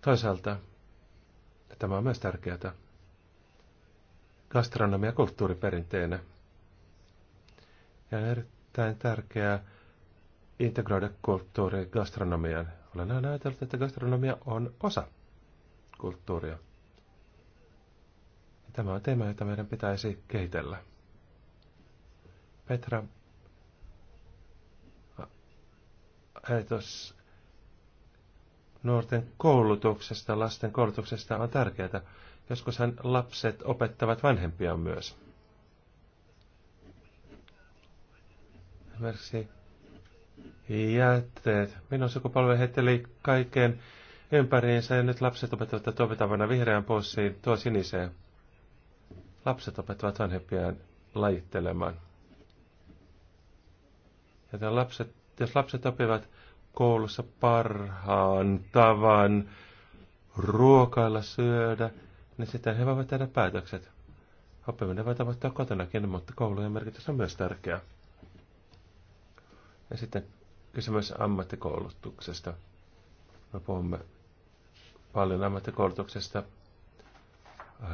Toisaalta, tämä on myös tärkeää, gastronomia kulttuuriperinteenä. Ja on erittäin tärkeää integroida kulttuuri gastronomiaan. Olen aina ajatellut, että gastronomia on osa kulttuuria. Ja tämä on teema, jota meidän pitäisi kehitellä. Petra ajatus nuorten koulutuksesta, lasten koulutuksesta on tärkeää. Joskushan lapset opettavat vanhempia myös. Esimerkiksi jätteet. Minun sukupolven heitteli kaiken ympäriinsä ja nyt lapset opettavat, että vihreän vihreään pussiin, tuo siniseen. Lapset opettavat vanhempiaan lajittelemaan. Ja lapset jos lapset oppivat koulussa parhaan tavan ruokailla, syödä, niin sitten he voivat tehdä päätökset. Oppiminen voi tapahtua kotonakin, mutta koulujen merkitys on myös tärkeä. Ja sitten kysymys ammattikoulutuksesta. Me puhumme paljon ammattikoulutuksesta äh,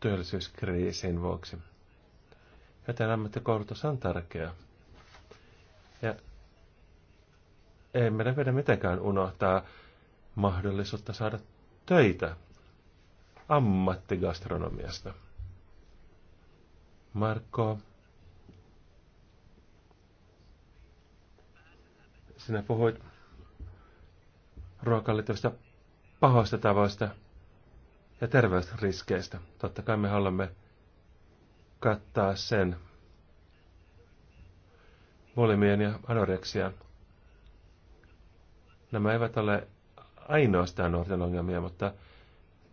työllisyyskriisin vuoksi. Joten ammattikoulutus on tärkeää. Ja ei meidän pidä mitenkään unohtaa mahdollisuutta saada töitä ammattigastronomiasta. Marko, sinä puhuit ruokaan liittyvistä pahoista tavoista ja terveysriskeistä. Totta kai me haluamme kattaa sen volymien ja anoreksian Nämä eivät ole ainoastaan nuorten ongelmia, mutta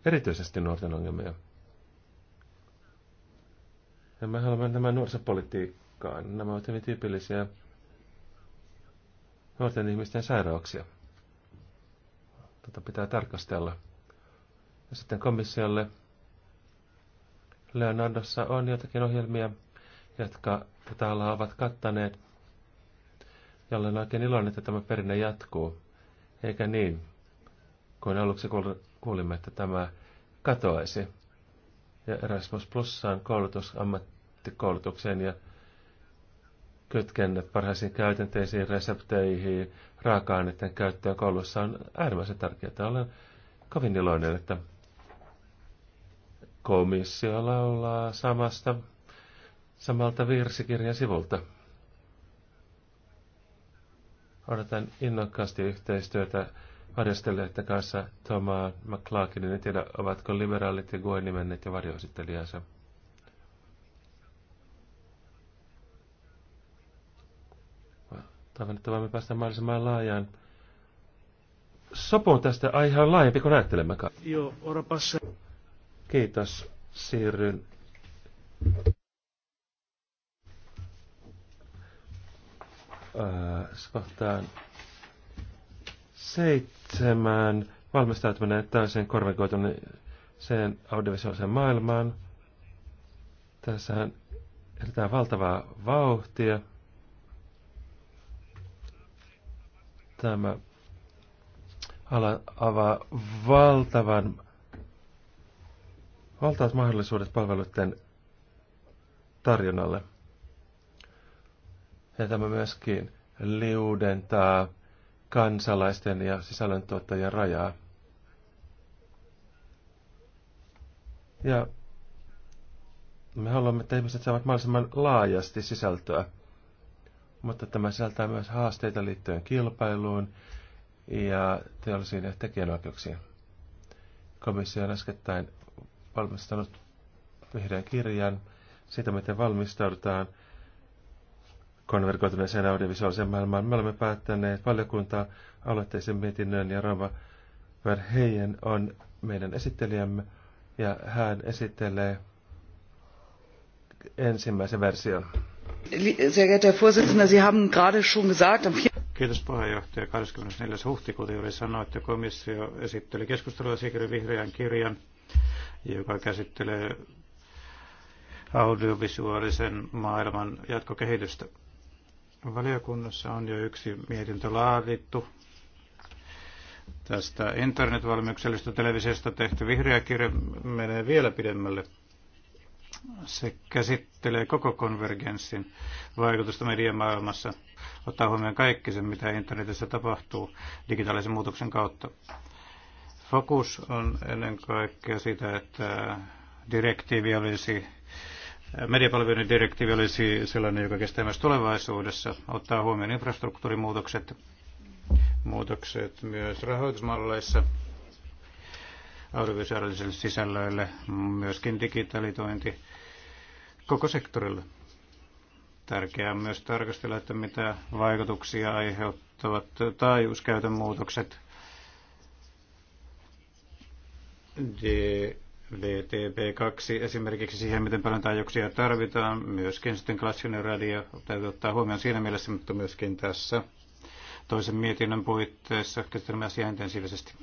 erityisesti nuorten ongelmia. Ja me haluamme tämän nuorisopolitiikkaan. Nämä ovat hyvin tyypillisiä nuorten ihmisten sairauksia. Tätä pitää tarkastella. Ja sitten komissiolle Leonardossa on jotakin ohjelmia, jotka tätä ovat kattaneet. Ja olen oikein iloinen, että tämä perinne jatkuu. Eikä niin, kun aluksi kuulimme, että tämä katoaisi. Ja Erasmus Plussaan koulutus ammattikoulutukseen ja kytkennät parhaisiin käytänteisiin, resepteihin, raaka-aineiden käyttöön koulussa on äärimmäisen tärkeää. Olen kovin iloinen, että komissio laulaa samasta, samalta virsikirjan sivulta. Odotan innokkaasti yhteistyötä varjostelijoiden kanssa Thomas McClarkinin. En tiedä, ovatko liberaalit ja Goeni ja varjoesittelijänsä. Toivon, että voimme päästä mahdollisimman laajaan sopuun tästä. Aihe on laajempi kuin ajattelemmekaan. Joo, Kiitos. Siirryn Äh, kohtaan seitsemän valmistautuminen täysin korvenkoituneeseen audiovisuaaliseen maailmaan. Tässähän edetään valtavaa vauhtia. Tämä ala avaa valtavan valtavat mahdollisuudet palveluiden tarjonnalle. Ja tämä myöskin liudentaa kansalaisten ja sisällöntuottajien rajaa. Ja me haluamme, että ihmiset saavat mahdollisimman laajasti sisältöä, mutta tämä sisältää myös haasteita liittyen kilpailuun ja teollisiin ja tekijänoikeuksiin. Komissio on äskettäin valmistanut vihreän kirjan siitä, miten valmistaudutaan – konvergoituneeseen audiovisuaaliseen maailmaan. Me olemme päättäneet valiokuntaa aloitteisen mietinnön ja Rova Verheijen on meidän esittelijämme ja hän esittelee ensimmäisen version. Sehr geehrter Vorsitzender, Sie haben gerade schon gesagt, am Kiitos puheenjohtaja. 24. huhtikuuta juuri sanoi, että komissio esitteli keskusteluasiakirjan vihreän kirjan, joka käsittelee audiovisuaalisen maailman jatkokehitystä. Valiokunnassa on jo yksi mietintö laadittu tästä internetvalmiuksellisesta televisiosta tehty vihreä kirja menee vielä pidemmälle. Se käsittelee koko konvergenssin vaikutusta mediamaailmassa, ottaa huomioon kaikki sen, mitä internetissä tapahtuu digitaalisen muutoksen kautta. Fokus on ennen kaikkea sitä, että direktiivi olisi mediapalveluiden direktiivi olisi sellainen, joka kestää myös tulevaisuudessa, ottaa huomioon infrastruktuurimuutokset, muutokset myös rahoitusmalleissa, audiovisuaalisille sisällöille, myöskin digitalitointi koko sektorilla. Tärkeää on myös tarkastella, että mitä vaikutuksia aiheuttavat taajuuskäytön muutokset. De VTP2 esimerkiksi siihen, miten paljon taajuuksia tarvitaan. Myöskin sitten klassinen radio täytyy ottaa huomioon siinä mielessä, mutta myöskin tässä toisen mietinnön puitteissa käsittelemme asiaa intensiivisesti.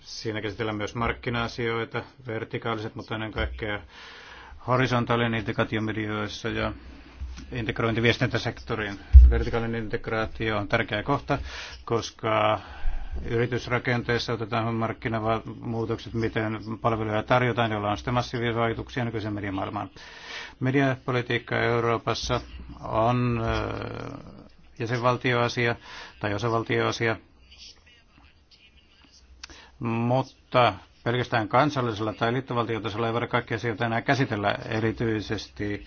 Siinä käsitellään myös markkina-asioita, vertikaaliset, mutta ennen kaikkea horisontaalinen integraatiomedioissa ja integrointi viestintäsektoriin. Vertikaalinen integraatio on tärkeä kohta, koska yritysrakenteessa otetaan markkinamuutokset, miten palveluja tarjotaan, joilla on sitten massiivisia vaikutuksia nykyisen mediamaailmaan. Mediapolitiikka Euroopassa on äh, jäsenvaltioasia tai osavaltioasia, mutta pelkästään kansallisella tai liittovaltiotasolla ei voida kaikkia asioita enää käsitellä erityisesti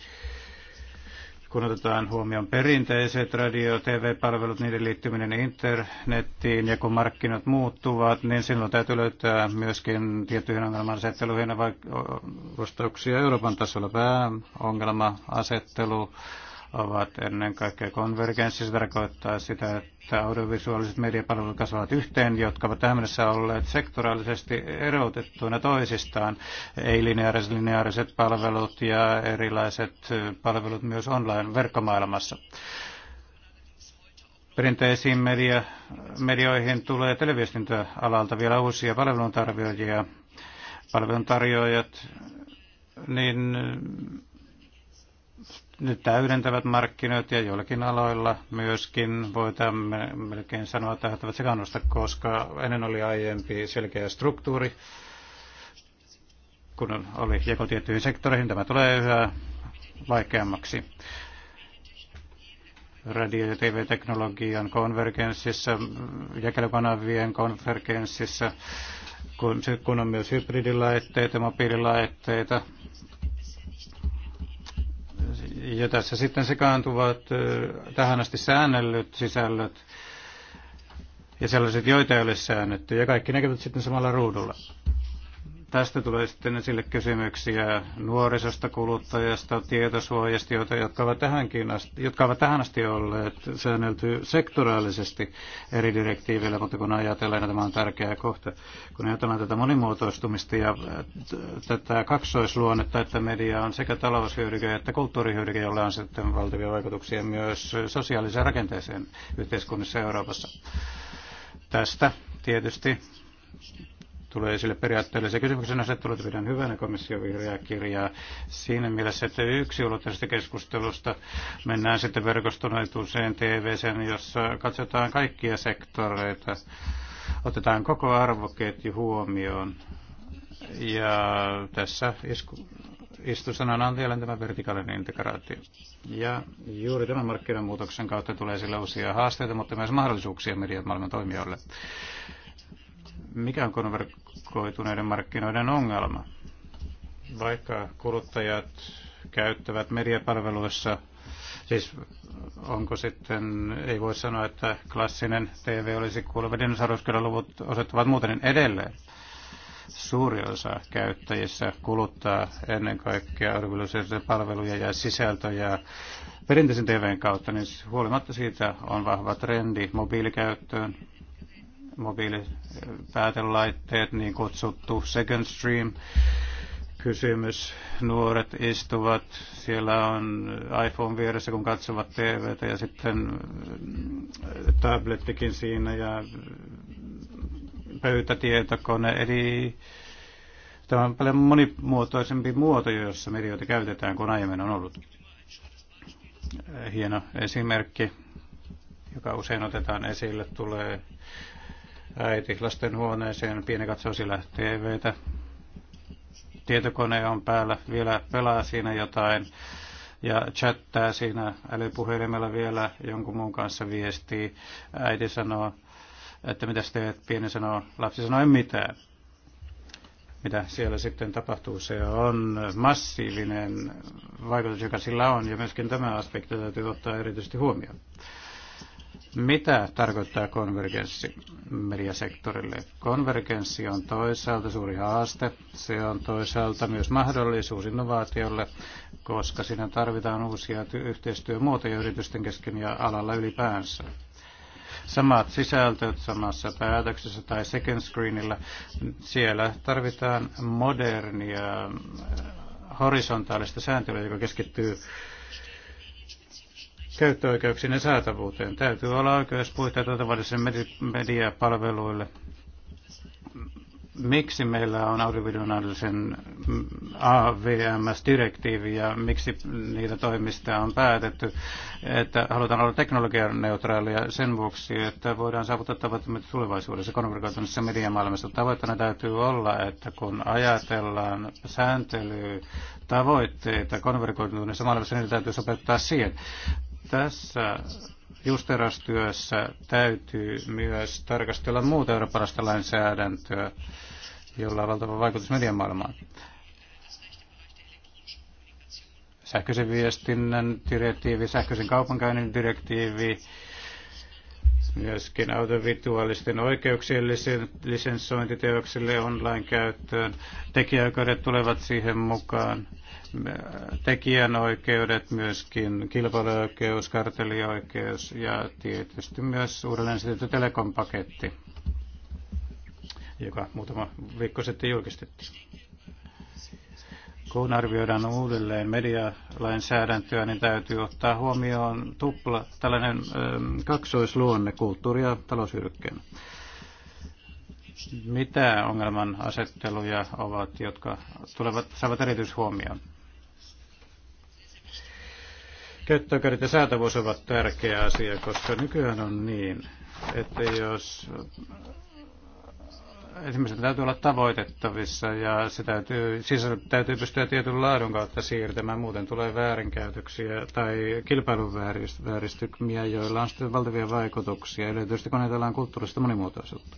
kun otetaan huomioon perinteiset radio- TV-palvelut, niiden liittyminen internettiin ja kun markkinat muuttuvat, niin silloin täytyy löytää myöskin tiettyihin ongelmanasetteluihin asetteluihin vastauksia Euroopan tasolla. Pääongelma-asettelu ovat ennen kaikkea konvergenssi. Se tarkoittaa sitä, että audiovisuaaliset mediapalvelut kasvavat yhteen, jotka ovat tähän mennessä olleet sektoraalisesti erotettuina toisistaan. Ei-lineaariset lineaariset palvelut ja erilaiset palvelut myös online-verkkomaailmassa perinteisiin media, medioihin tulee televiestintäalalta vielä uusia palveluntarjoajia. Palveluntarjoajat, niin nyt täydentävät markkinoita ja joillakin aloilla myöskin voidaan melkein sanoa tähtävät sekannusta, koska ennen oli aiempi selkeä struktuuri, kun oli jako tiettyihin sektoreihin, tämä tulee yhä vaikeammaksi. Radio- ja TV-teknologian konvergenssissa, jakelukanavien konvergenssissa, kun, kun on myös hybridilaitteita, mobiililaitteita, ja tässä sitten sekaantuvat tähän asti säännellyt sisällöt ja sellaiset, joita ei ole säännetty. Ja kaikki näkevät sitten samalla ruudulla. Tästä tulee sitten esille kysymyksiä nuorisosta, kuluttajasta, tietosuojasta, joita, jotka, ovat tähänkin asti, jotka ovat tähän asti olleet säännelty sektoraalisesti eri direktiiveillä, mutta kun ajatellaan, tämä on tärkeä kohta, kun ajatellaan tätä monimuotoistumista ja äh, tätä kaksoisluonnetta, että media on sekä taloushyödyke että kulttuurihyödyke, jolla on sitten valtavia vaikutuksia myös sosiaaliseen rakenteeseen yhteiskunnissa Euroopassa. Tästä tietysti tulee esille periaatteellisia kysymyksen no, että pidän hyvänä komission vihreää kirjaa siinä mielessä, että yksi tästä keskustelusta mennään sitten verkostonaituuseen tv jossa katsotaan kaikkia sektoreita, otetaan koko arvoketju huomioon. Ja tässä isku, istusanan on vielä tämä vertikaalinen integraatio. Ja juuri tämän markkinamuutoksen kautta tulee sille uusia haasteita, mutta myös mahdollisuuksia maailman toimijoille mikä on konverkoituneiden markkinoiden ongelma. Vaikka kuluttajat käyttävät mediapalveluissa, siis onko sitten, ei voi sanoa, että klassinen TV olisi kuuluva dinosauruskylän luvut osoittavat muuten niin edelleen. Suuri osa käyttäjissä kuluttaa ennen kaikkea audiovisuaalisia palveluja ja sisältöjä perinteisen TVn kautta, niin huolimatta siitä on vahva trendi mobiilikäyttöön, mobiilipäätelaitteet, niin kutsuttu second stream kysymys. Nuoret istuvat, siellä on iPhone vieressä, kun katsovat TVtä ja sitten äh, tablettikin siinä ja pöytätietokone. Eli tämä on paljon monimuotoisempi muoto, jossa medioita käytetään kuin aiemmin on ollut. Hieno esimerkki, joka usein otetaan esille, tulee äiti lasten huoneeseen, pieni katsoisi lähtee eveitä. Tietokone on päällä, vielä pelaa siinä jotain ja chattaa siinä älypuhelimella vielä jonkun muun kanssa viestii. Äiti sanoo, että mitä teet, pieni sanoo, lapsi sanoo, en mitään. Mitä siellä sitten tapahtuu, se on massiivinen vaikutus, joka sillä on, ja myöskin tämä aspekti täytyy ottaa erityisesti huomioon. Mitä tarkoittaa konvergenssi mediasektorille? Konvergenssi on toisaalta suuri haaste, se on toisaalta myös mahdollisuus innovaatiolle, koska siinä tarvitaan uusia yhteistyömuotoja yritysten kesken ja alalla ylipäänsä. Samat sisältöt samassa päätöksessä tai second screenillä, siellä tarvitaan modernia horisontaalista sääntelyä, joka keskittyy käyttöoikeuksien ja saatavuuteen. Täytyy olla oikeuspuitteet tavallisille mediapalveluille. Miksi meillä on audiovisuaalisen AVMS-direktiivi ja miksi niitä toimista on päätetty, että halutaan olla teknologian neutraalia sen vuoksi, että voidaan saavuttaa tavoitteet tulevaisuudessa konvergoituneessa mediamaailmassa. Tavoitteena täytyy olla, että kun ajatellaan sääntelyä, tavoitteita konvergoituneessa maailmassa, niitä täytyy sopeuttaa siihen. Tässä justerastyössä täytyy myös tarkastella muuta eurooppalaista lainsäädäntöä, jolla on valtava vaikutus maailmaan. Sähköisen viestinnän direktiivi, sähköisen kaupankäynnin direktiivi, Myöskin audiovisuaalisten oikeuksien lisensointiteoksille online-käyttöön. Tekijäoikeudet tulevat siihen mukaan. Tekijänoikeudet, myöskin kilpailuoikeus, kartelioikeus ja tietysti myös uudelleen sitten telekompaketti, joka muutama viikko sitten julkistettiin kun arvioidaan uudelleen medialainsäädäntöä, niin täytyy ottaa huomioon tupla, tällainen ö, ähm, kaksoisluonne kulttuuri- ja talousyrkkeen. Mitä ongelman asetteluja ovat, jotka tulevat, saavat erityishuomioon? Käyttöoikeudet ja säätävuus ovat tärkeä asia, koska nykyään on niin, että jos ensimmäisen täytyy olla tavoitettavissa ja se täytyy, siis täytyy pystyä tietyn laadun kautta siirtämään, muuten tulee väärinkäytöksiä tai kilpailun vääristymiä, joilla on sitten valtavia vaikutuksia, erityisesti kun ajatellaan kulttuurista monimuotoisuutta.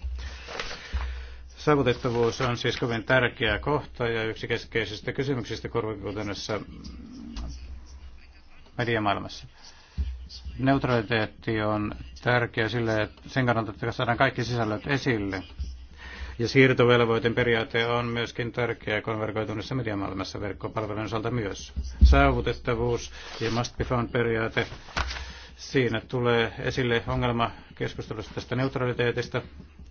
Saavutettavuus on siis kovin tärkeä kohta ja yksi keskeisistä kysymyksistä korvakuutennossa mediamaailmassa neutraliteetti on tärkeä sille, että sen kannalta, että saadaan kaikki sisällöt esille. Ja siirtovelvoiten periaate on myöskin tärkeä konvergoituneessa mediamaailmassa verkkopalvelujen osalta myös. Saavutettavuus ja must be found periaate. Siinä tulee esille ongelma keskustelusta tästä neutraliteetista.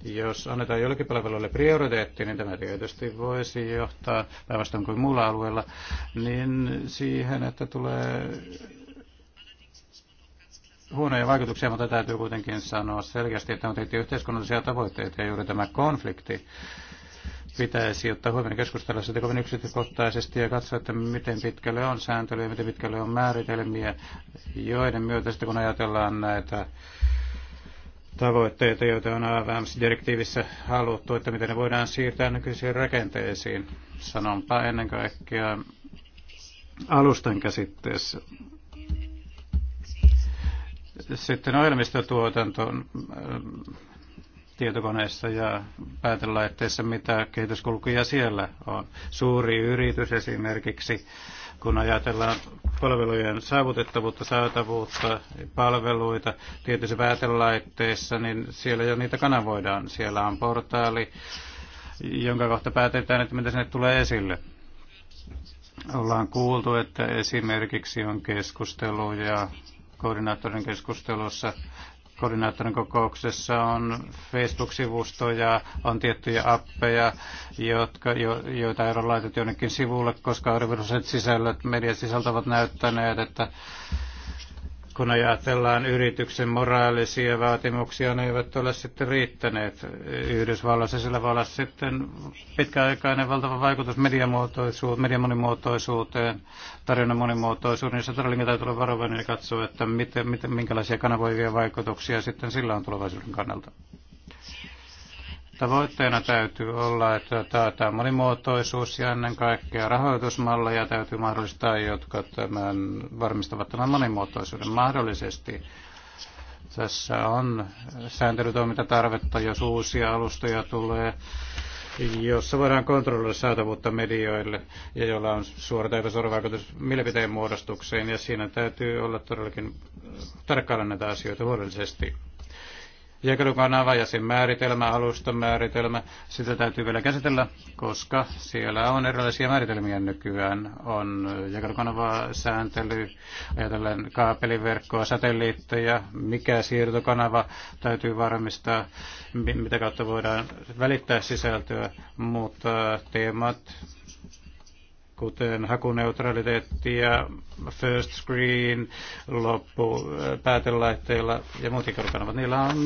Jos annetaan jollekin palvelulle prioriteetti, niin tämä tietysti voisi johtaa, päinvastoin kuin muulla alueella, niin siihen, että tulee huonoja vaikutuksia, mutta täytyy kuitenkin sanoa selkeästi, että on tehty yhteiskunnallisia tavoitteita ja juuri tämä konflikti pitäisi ottaa huomioon keskustella sitä kovin yksityiskohtaisesti ja katsoa, että miten pitkälle on sääntelyä, miten pitkälle on määritelmiä, joiden myötä sitten kun ajatellaan näitä tavoitteita, joita on AVMS-direktiivissä haluttu, että miten ne voidaan siirtää nykyisiin rakenteisiin. Sanonpa ennen kaikkea alustan käsitteessä. Sitten ohjelmistotuotanto äh, tietokoneissa ja päätelaitteissa, mitä kehityskulkuja siellä on. Suuri yritys esimerkiksi, kun ajatellaan palvelujen saavutettavuutta, saatavuutta, palveluita tietyissä päätelaitteissa, niin siellä jo niitä kanavoidaan. Siellä on portaali, jonka kohta päätetään, että mitä sinne tulee esille. Ollaan kuultu, että esimerkiksi on keskusteluja koordinaattorin keskustelussa koordinaattorin kokouksessa on Facebook-sivustoja, on tiettyjä appeja, jotka, jo, joita ei ole laitettu jonnekin sivulle, koska arvoiset sisällöt, mediat sisältävät näyttäneet, että kun ajatellaan yrityksen moraalisia vaatimuksia, ne eivät ole sitten riittäneet Yhdysvalloissa. Sillä voi olla sitten pitkäaikainen valtava vaikutus mediamuotoisuuteen, median monimuotoisuuteen, tarjonnan monimuotoisuuteen, jossa todellakin täytyy olla varovainen ja niin katsoa, että miten, miten, minkälaisia kanavoivia vaikutuksia sitten sillä on tulevaisuuden kannalta. Tavoitteena täytyy olla, että taataan monimuotoisuus ja ennen kaikkea rahoitusmalleja täytyy mahdollistaa, jotka tämän varmistavat tämän monimuotoisuuden mahdollisesti. Tässä on sääntelytoimintatarvetta, jos uusia alustoja tulee, jossa voidaan kontrolloida saatavuutta medioille ja jolla on suora tai epäsuoravaikutus mielipiteen muodostukseen. Ja siinä täytyy olla todellakin tarkkailla näitä asioita huolellisesti jakelukanava ja sen määritelmä, alustan määritelmä, sitä täytyy vielä käsitellä, koska siellä on erilaisia määritelmiä nykyään. On jakelukanavaa sääntely, ajatellen kaapeliverkkoa, satelliitteja, mikä siirtokanava täytyy varmistaa, mitä kautta voidaan välittää sisältöä, mutta teemat, kuten hakuneutraliteetti ja first screen loppu äh, päätelaitteilla ja muutkin kanavat, niillä on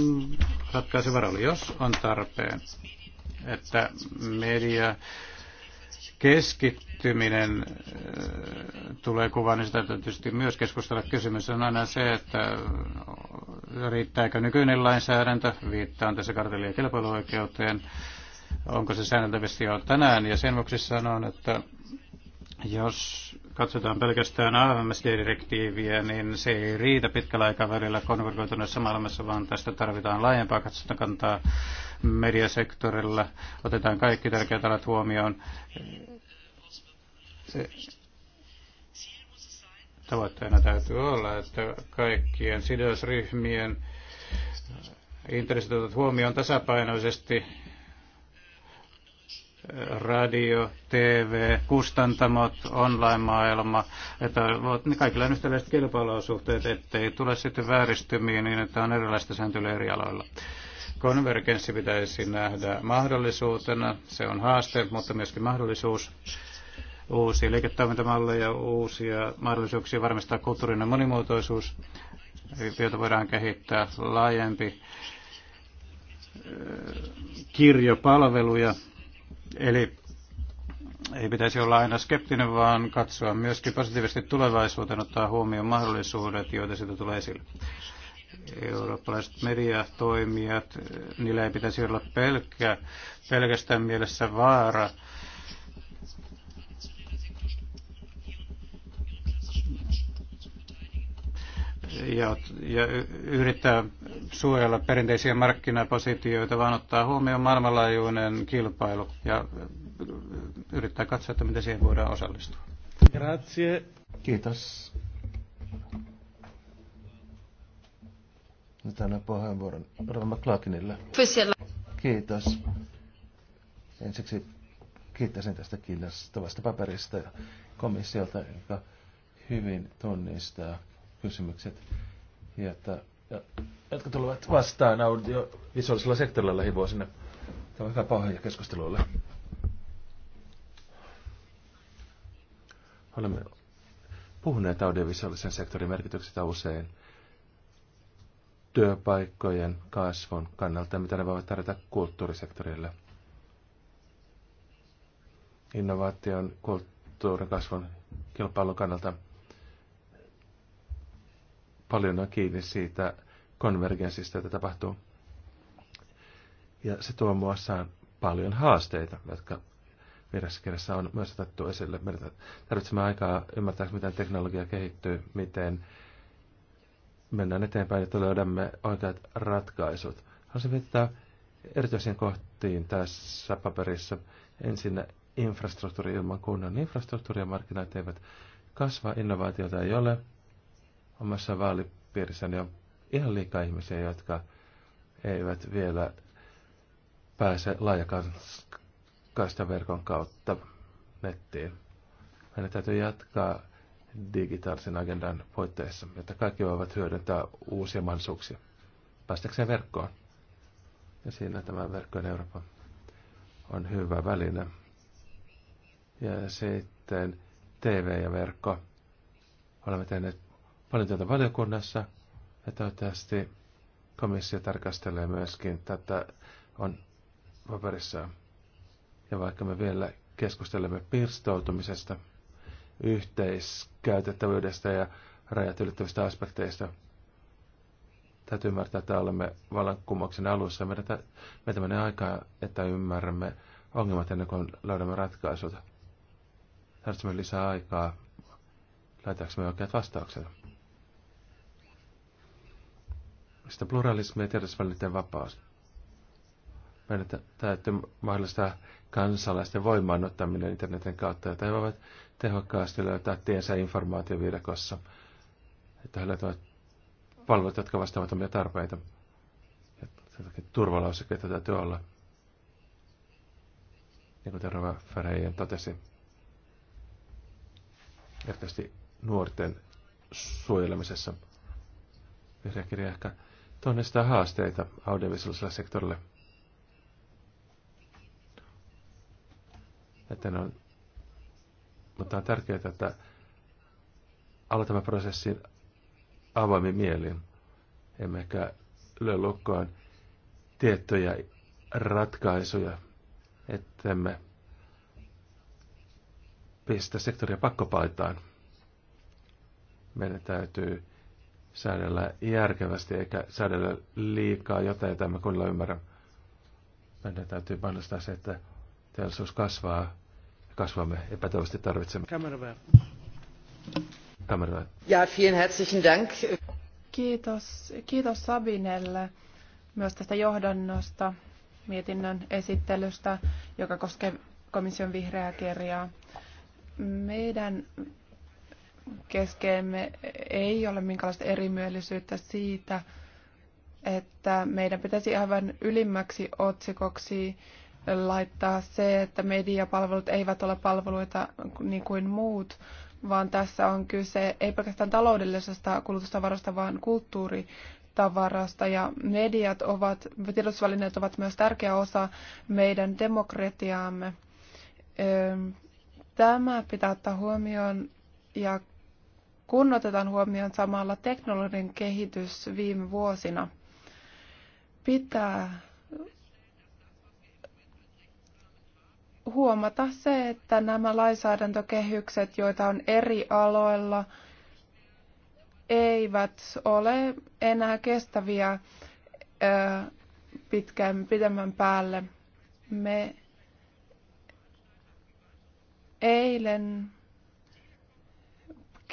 ratkaisuvaralli, jos on tarpeen, että media keskittyminen äh, tulee kuvaan, niin sitä tietysti myös keskustella. Kysymys on aina se, että äh, riittääkö nykyinen lainsäädäntö, viittaan tässä kartelli- ja kilpailuoikeuteen, onko se säänneltävästi jo tänään, ja sen vuoksi sanon, että jos katsotaan pelkästään AMS-direktiiviä, niin se ei riitä pitkällä aikavälillä konvergoituneessa maailmassa, vaan tästä tarvitaan laajempaa katsotakantaa mediasektorilla. Otetaan kaikki tärkeät alat huomioon. Tavoitteena täytyy olla, että kaikkien sidosryhmien intressit otetaan huomioon tasapainoisesti radio, TV, kustantamot, online-maailma, että niin kaikilla on yhtäläiset kilpailusuhteet, ettei tule sitten vääristymiä niin, että on erilaista sääntelyä eri aloilla. Konvergenssi pitäisi nähdä mahdollisuutena, se on haaste, mutta myöskin mahdollisuus uusia liiketoimintamalleja, uusia mahdollisuuksia varmistaa kulttuurinen monimuotoisuus, joita voidaan kehittää laajempi kirjopalveluja, Eli ei pitäisi olla aina skeptinen, vaan katsoa myöskin positiivisesti tulevaisuuteen, ottaa huomioon mahdollisuudet, joita siitä tulee esille. Eurooppalaiset mediatoimijat, niillä ei pitäisi olla pelkkä, pelkästään mielessä vaara, ja, ja yrittää suojella perinteisiä markkinapositioita, vaan ottaa huomioon maailmanlaajuinen kilpailu ja yrittää katsoa, että miten siihen voidaan osallistua. Grazie. Kiitos. Nyt annan puheenvuoron Rama Klaakinille. Kiitos. Ensiksi kiittäisin tästä kiinnostavasta paperista ja komissiolta, joka hyvin tunnistaa kysymykset, ja että jotka tulevat vastaan audiovisuaalisella sektorilla lähivuosina. Tämä on hyvä pohja keskustelulle. Olemme puhuneet audiovisuaalisen sektorin merkityksestä usein työpaikkojen kasvun kannalta, mitä ne voivat tarjota kulttuurisektorille. Innovaation, kulttuurin kasvun, kilpailun kannalta paljon on kiinni siitä konvergenssista, jota tapahtuu. Ja se tuo muassaan paljon haasteita, jotka vieraskirjassa on myös otettu esille. Me tarvitsemme aikaa ymmärtää, miten teknologia kehittyy, miten mennään eteenpäin, että löydämme oikeat ratkaisut. Haluaisin viitata erityisiin kohtiin tässä paperissa. Ensin infrastruktuuri ilman infrastruktuuri infrastruktuuria markkinat eivät kasva, innovaatiota ei ole, omassa vaalipiirissäni on ihan liikaa ihmisiä, jotka eivät vielä pääse laajakaistaverkon kautta nettiin. Meidän täytyy jatkaa digitaalisen agendan puitteissa, että kaikki voivat hyödyntää uusia mahdollisuuksia päästäkseen verkkoon. Ja siinä tämä verkkojen Eurooppa on hyvä väline. Ja sitten TV ja verkko. Olemme tehneet paljon työtä valiokunnassa ja toivottavasti komissio tarkastelee myöskin tätä on paperissa. Ja vaikka me vielä keskustelemme pirstoutumisesta, yhteiskäytettävyydestä ja rajat ylittävistä aspekteista, täytyy ymmärtää, että olemme vallankumouksen alussa. meitä menee aikaa, että ymmärrämme ongelmat ennen kuin löydämme ratkaisut. Tarvitsemme lisää aikaa. me oikeat vastaukset sitä pluralismia ja tiedotusvälineiden vapaus. Meidän täytyy mahdollistaa kansalaisten voimaanottaminen internetin kautta, jota he voivat tehokkaasti löytää tiensä informaatioviidakossa, että he löytävät palvelut, jotka vastaavat omia tarpeita. Ja turvalausekkeita täytyy olla, niin kuin Terva Ferheijen totesi. Erityisesti nuorten suojelemisessa. Vihreä kirja ehkä tunnistaa haasteita audiovisuaalisella sektorilla. Että on, mutta on tärkeää, että aloitamme prosessin avoimin mielin. Emmekä lyö lukkoon tiettyjä ratkaisuja, ettemme pistä sektoria pakkopaitaan. Meidän täytyy säädellä järkevästi eikä säädellä liikaa jotain, ei tämä kunnolla ymmärrä. Meidän täytyy panostaa se, että teollisuus kasvaa ja kasvamme epätoivasti tarvitsemme. Kamerava. Ja, vielen herzlichen Dank. Kiitos, kiitos Sabinelle myös tästä johdannosta, mietinnön esittelystä, joka koskee komission vihreää kirjaa. Meidän keskeemme ei ole minkäänlaista erimielisyyttä siitä, että meidän pitäisi aivan ylimmäksi otsikoksi laittaa se, että mediapalvelut eivät ole palveluita niin kuin muut, vaan tässä on kyse ei pelkästään taloudellisesta kulutustavarasta, vaan kulttuuritavarasta. Ja mediat ovat, tiedotusvälineet ovat myös tärkeä osa meidän demokratiaamme. Tämä pitää ottaa huomioon ja kun otetaan huomioon samalla teknologinen kehitys viime vuosina. Pitää huomata se, että nämä lainsäädäntökehykset, joita on eri aloilla, eivät ole enää kestäviä pitkään, pidemmän päälle. Me eilen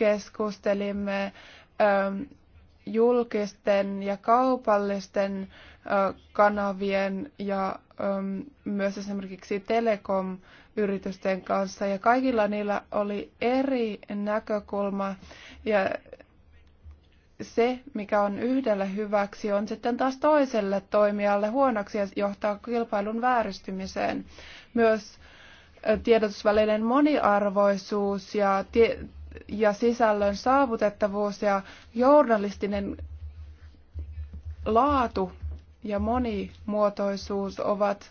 keskustelimme ähm, julkisten ja kaupallisten äh, kanavien ja ähm, myös esimerkiksi telekom-yritysten kanssa. Ja kaikilla niillä oli eri näkökulma ja se, mikä on yhdelle hyväksi, on sitten taas toiselle toimijalle huonoksi ja johtaa kilpailun vääristymiseen. Myös äh, tiedotusvälineen moniarvoisuus ja tie- ja sisällön saavutettavuus ja journalistinen laatu ja monimuotoisuus ovat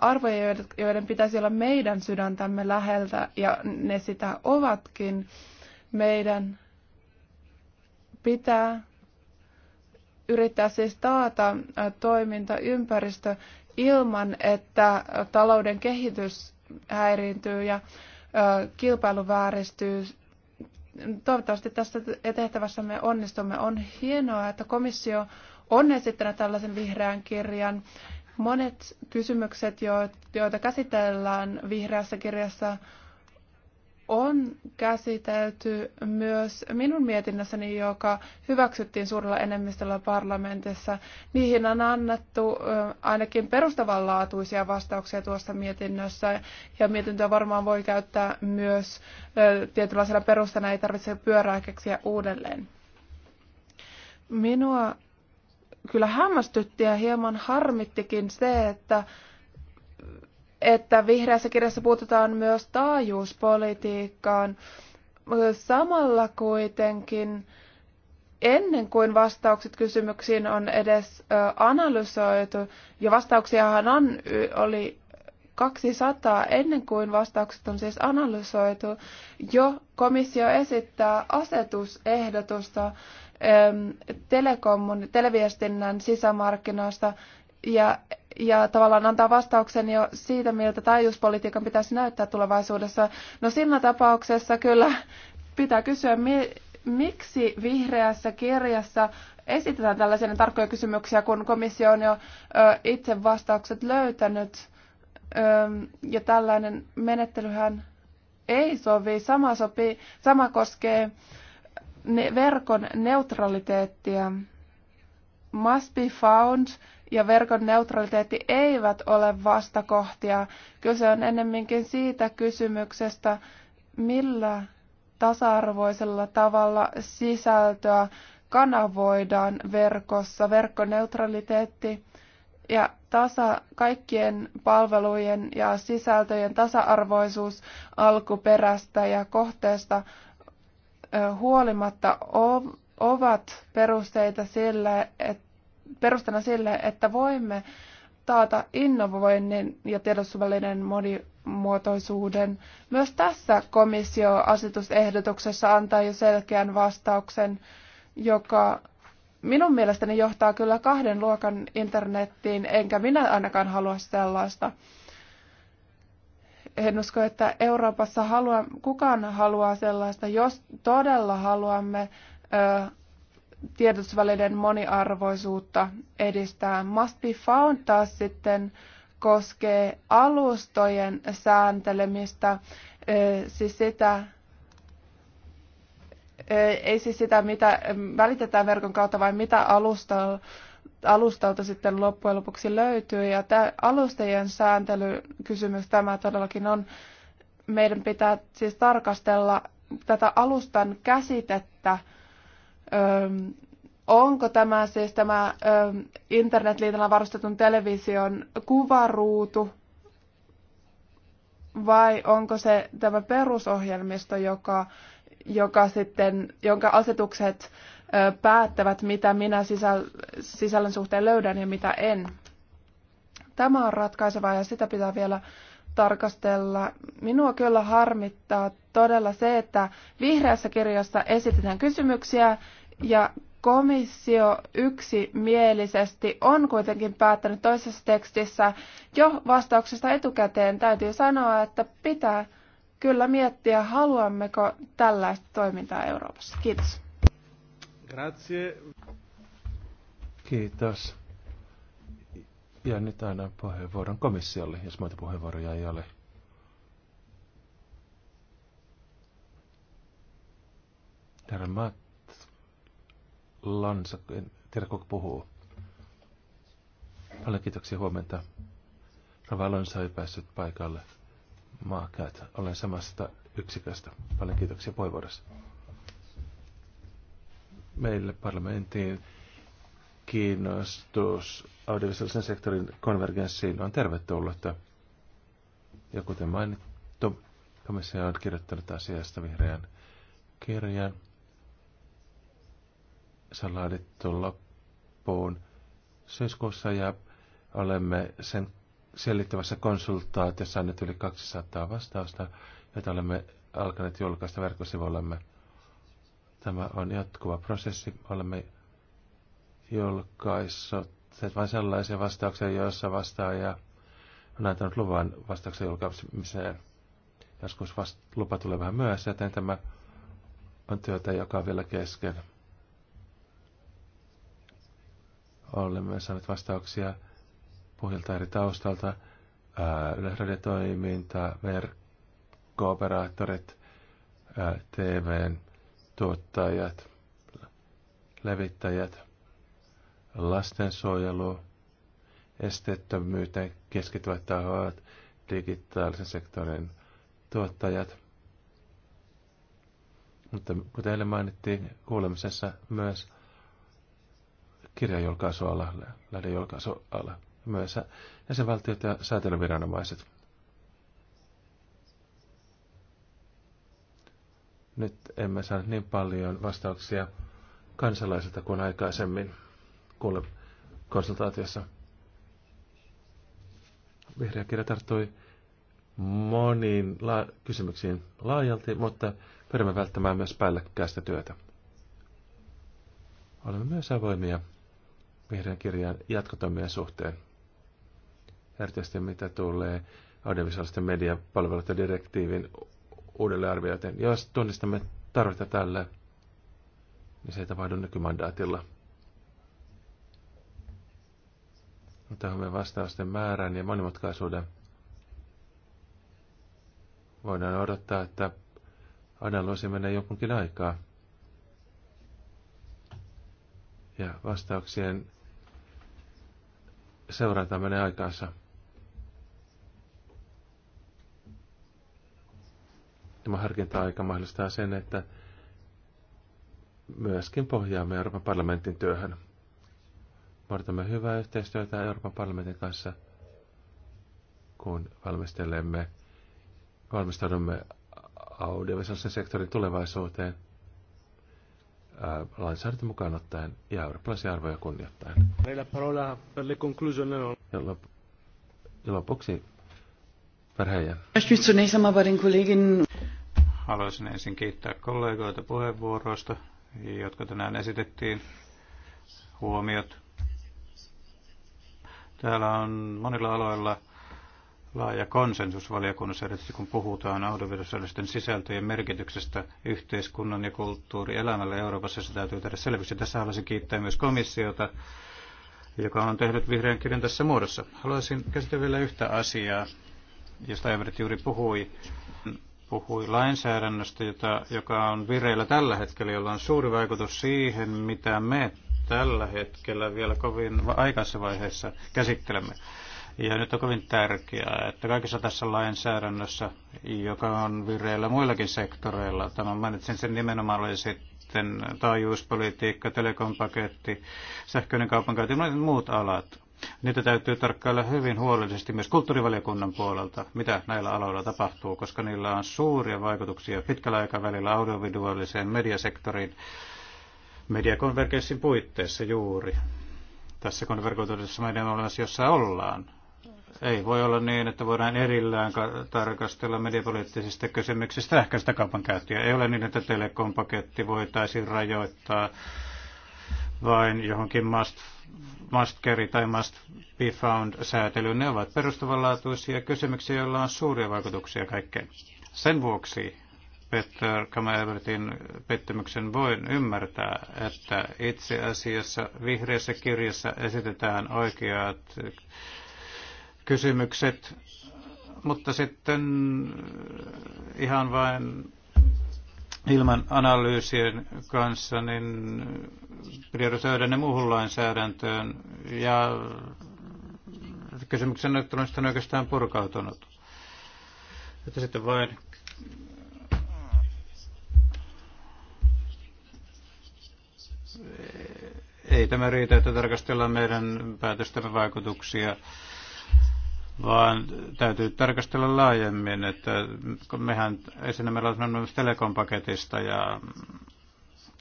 arvoja, joiden pitäisi olla meidän sydäntämme läheltä, ja ne sitä ovatkin. Meidän pitää yrittää siis taata toimintaympäristö ilman, että talouden kehitys häiriintyy ja kilpailu vääristyy toivottavasti tässä tehtävässämme onnistumme. On hienoa, että komissio on esittänyt tällaisen vihreän kirjan. Monet kysymykset, joita käsitellään vihreässä kirjassa, on käsitelty myös minun mietinnässäni, joka hyväksyttiin suurella enemmistöllä parlamentissa. Niihin on annettu ainakin perustavanlaatuisia vastauksia tuossa mietinnössä, ja mietintöä varmaan voi käyttää myös tietynlaisella perustana, ei tarvitse pyörää keksiä uudelleen. Minua kyllä hämmästytti ja hieman harmittikin se, että että vihreässä kirjassa puututaan myös taajuuspolitiikkaan. Samalla kuitenkin ennen kuin vastaukset kysymyksiin on edes analysoitu, ja vastauksiahan on, oli 200 ennen kuin vastaukset on siis analysoitu, jo komissio esittää asetusehdotusta televiestinnän sisämarkkinoista ja, ja tavallaan antaa vastauksen jo siitä, miltä taajuuspolitiikan pitäisi näyttää tulevaisuudessa. No siinä tapauksessa kyllä pitää kysyä, mi, miksi vihreässä kirjassa esitetään tällaisia tarkkoja kysymyksiä, kun komissio on jo ö, itse vastaukset löytänyt. Ö, ja tällainen menettelyhän ei sovi. Sama, sopii, sama koskee ne, verkon neutraliteettia. Must be found ja verkon neutraliteetti eivät ole vastakohtia. Kyse on ennemminkin siitä kysymyksestä, millä tasa-arvoisella tavalla sisältöä kanavoidaan verkossa. Verkkoneutraliteetti ja tasa, kaikkien palvelujen ja sisältöjen tasa-arvoisuus alkuperästä ja kohteesta huolimatta ovat perusteita sille, että perustana sille, että voimme taata innovoinnin ja tiedotusvälineiden monimuotoisuuden. Myös tässä komissio-asetusehdotuksessa antaa jo selkeän vastauksen, joka minun mielestäni johtaa kyllä kahden luokan internettiin, enkä minä ainakaan halua sellaista. En usko, että Euroopassa halua, kukaan haluaa sellaista, jos todella haluamme ö, tiedotusvälineiden moniarvoisuutta edistää. Must be found taas sitten koskee alustojen sääntelemistä, siis sitä, ei siis sitä, mitä välitetään verkon kautta, vaan mitä alustalla alustalta sitten loppujen lopuksi löytyy. Ja tämä alustajien sääntelykysymys tämä todellakin on. Meidän pitää siis tarkastella tätä alustan käsitettä, onko tämä siis tämä internetliitellä varustetun television kuvaruutu vai onko se tämä perusohjelmisto, joka, joka sitten, jonka asetukset päättävät, mitä minä sisällön suhteen löydän ja mitä en. Tämä on ratkaisevaa ja sitä pitää vielä tarkastella. Minua kyllä harmittaa todella se, että vihreässä kirjassa esitetään kysymyksiä, ja komissio yksimielisesti on kuitenkin päättänyt toisessa tekstissä jo vastauksesta etukäteen. Täytyy sanoa, että pitää kyllä miettiä, haluammeko tällaista toimintaa Euroopassa. Kiitos. Grazie. Kiitos. Ja nyt aina puheenvuoron komissiolle, jos muita puheenvuoroja ei ole. Herra Lansa, en tiedä kuka puhuu. Paljon kiitoksia huomenta. Rava Lansa ei päässyt paikalle. Maakäät, olen samasta yksiköstä. Paljon kiitoksia puheenvuorossa. Meille parlamentin kiinnostus audiovisuaalisen sektorin konvergenssiin on tervetullut. Ja kuten mainittu, komissio on kirjoittanut asiasta vihreän kirjan salaadittu loppuun syyskuussa ja olemme sen selittävässä konsultaatiossa nyt yli 200 vastausta, joita olemme alkaneet julkaista verkkosivuillamme. Tämä on jatkuva prosessi. Olemme julkaisseet vain sellaisia vastauksia, joissa vastaaja on antanut luvan vastauksen julkaisemiseen. Joskus vasta- lupa tulee vähän myöhässä, joten tämä on työtä, joka on vielä kesken. Olemme saaneet vastauksia puhilta eri taustalta, yleisradiotoiminta, verkko-operaattorit, tv tuottajat, levittäjät, lastensuojelu, esteettömyyteen keskittyvät tahot, digitaalisen sektorin tuottajat. Mutta kuten eilen mainittiin kuulemisessa myös kirjajulkaisuala, lähdejulkaisuala, myös jäsenvaltiot ja säätelyviranomaiset. Nyt emme saa niin paljon vastauksia kansalaisilta kuin aikaisemmin kuule konsultaatiossa. Vihreä kirja tarttui moniin la- kysymyksiin laajalti, mutta pyrimme välttämään myös päällekkäistä työtä. Olemme myös avoimia vihreän kirjan jatkotoimien suhteen. Erityisesti mitä tulee audiovisuaalisten mediapalveluiden direktiivin uudelleenarviointiin. Jos tunnistamme tarvetta tälle, niin se ei tapahdu nykymandaatilla. Mutta me vastausten määrän ja monimutkaisuuden voidaan odottaa, että analyysi menee jonkunkin aikaa. Ja vastauksien seuranta menee aikaansa. Tämä harkinta-aika mahdollistaa sen, että myöskin pohjaamme Euroopan parlamentin työhön. Muodotamme hyvää yhteistyötä Euroopan parlamentin kanssa, kun valmistelemme, valmistaudumme audiovisuaalisen sektorin tulevaisuuteen – lainsäädäntö mukaan ottaen ja eurooppalaisia arvoja kunnioittaen. Ja lopuksi perheen. Haluaisin ensin kiittää kollegoita puheenvuoroista, jotka tänään esitettiin. Huomiot. Täällä on monilla aloilla laaja konsensus valiokunnassa, erityisesti kun puhutaan audiovisuaalisten sisältöjen merkityksestä yhteiskunnan ja elämälle Euroopassa. Se täytyy tehdä selväksi. Tässä haluaisin kiittää myös komissiota, joka on tehnyt vihreän kirjan tässä muodossa. Haluaisin käsitellä vielä yhtä asiaa, josta Everett juuri puhui. Puhui lainsäädännöstä, jota, joka on vireillä tällä hetkellä, jolla on suuri vaikutus siihen, mitä me tällä hetkellä vielä kovin aikaisessa vaiheessa käsittelemme. Ja nyt on kovin tärkeää, että kaikessa tässä lainsäädännössä, joka on vireillä muillakin sektoreilla, tämä mainitsin sen nimenomaan oli sitten taajuuspolitiikka, telekompaketti, sähköinen kaupankäynti, monet muut alat. Niitä täytyy tarkkailla hyvin huolellisesti myös kulttuurivaliokunnan puolelta, mitä näillä aloilla tapahtuu, koska niillä on suuria vaikutuksia pitkällä aikavälillä audiovisuaaliseen mediasektoriin mediakonvergenssin puitteissa juuri. Tässä konvergoituudessa meidän olemassa, jossa ollaan ei voi olla niin, että voidaan erillään tarkastella mediapoliittisista kysymyksistä sähköistä kaupankäyntiä. Ei ole niin, että telekompaketti voitaisiin rajoittaa vain johonkin must, must carry tai must be found säätelyyn. Ne ovat perustavanlaatuisia kysymyksiä, joilla on suuria vaikutuksia kaikkeen. Sen vuoksi Peter Kamervertin pettymyksen voin ymmärtää, että itse asiassa vihreässä kirjassa esitetään oikeat kysymykset, mutta sitten äh, ihan vain ilman analyysien kanssa, niin priorisoida ne muuhun lainsäädäntöön ja kysymyksen näyttelystä on oikeastaan purkautunut. Että sitten vain ei tämä riitä, että tarkastellaan meidän päätöstämme vaikutuksia vaan täytyy tarkastella laajemmin, että mehän esimerkiksi on myös telekompaketista ja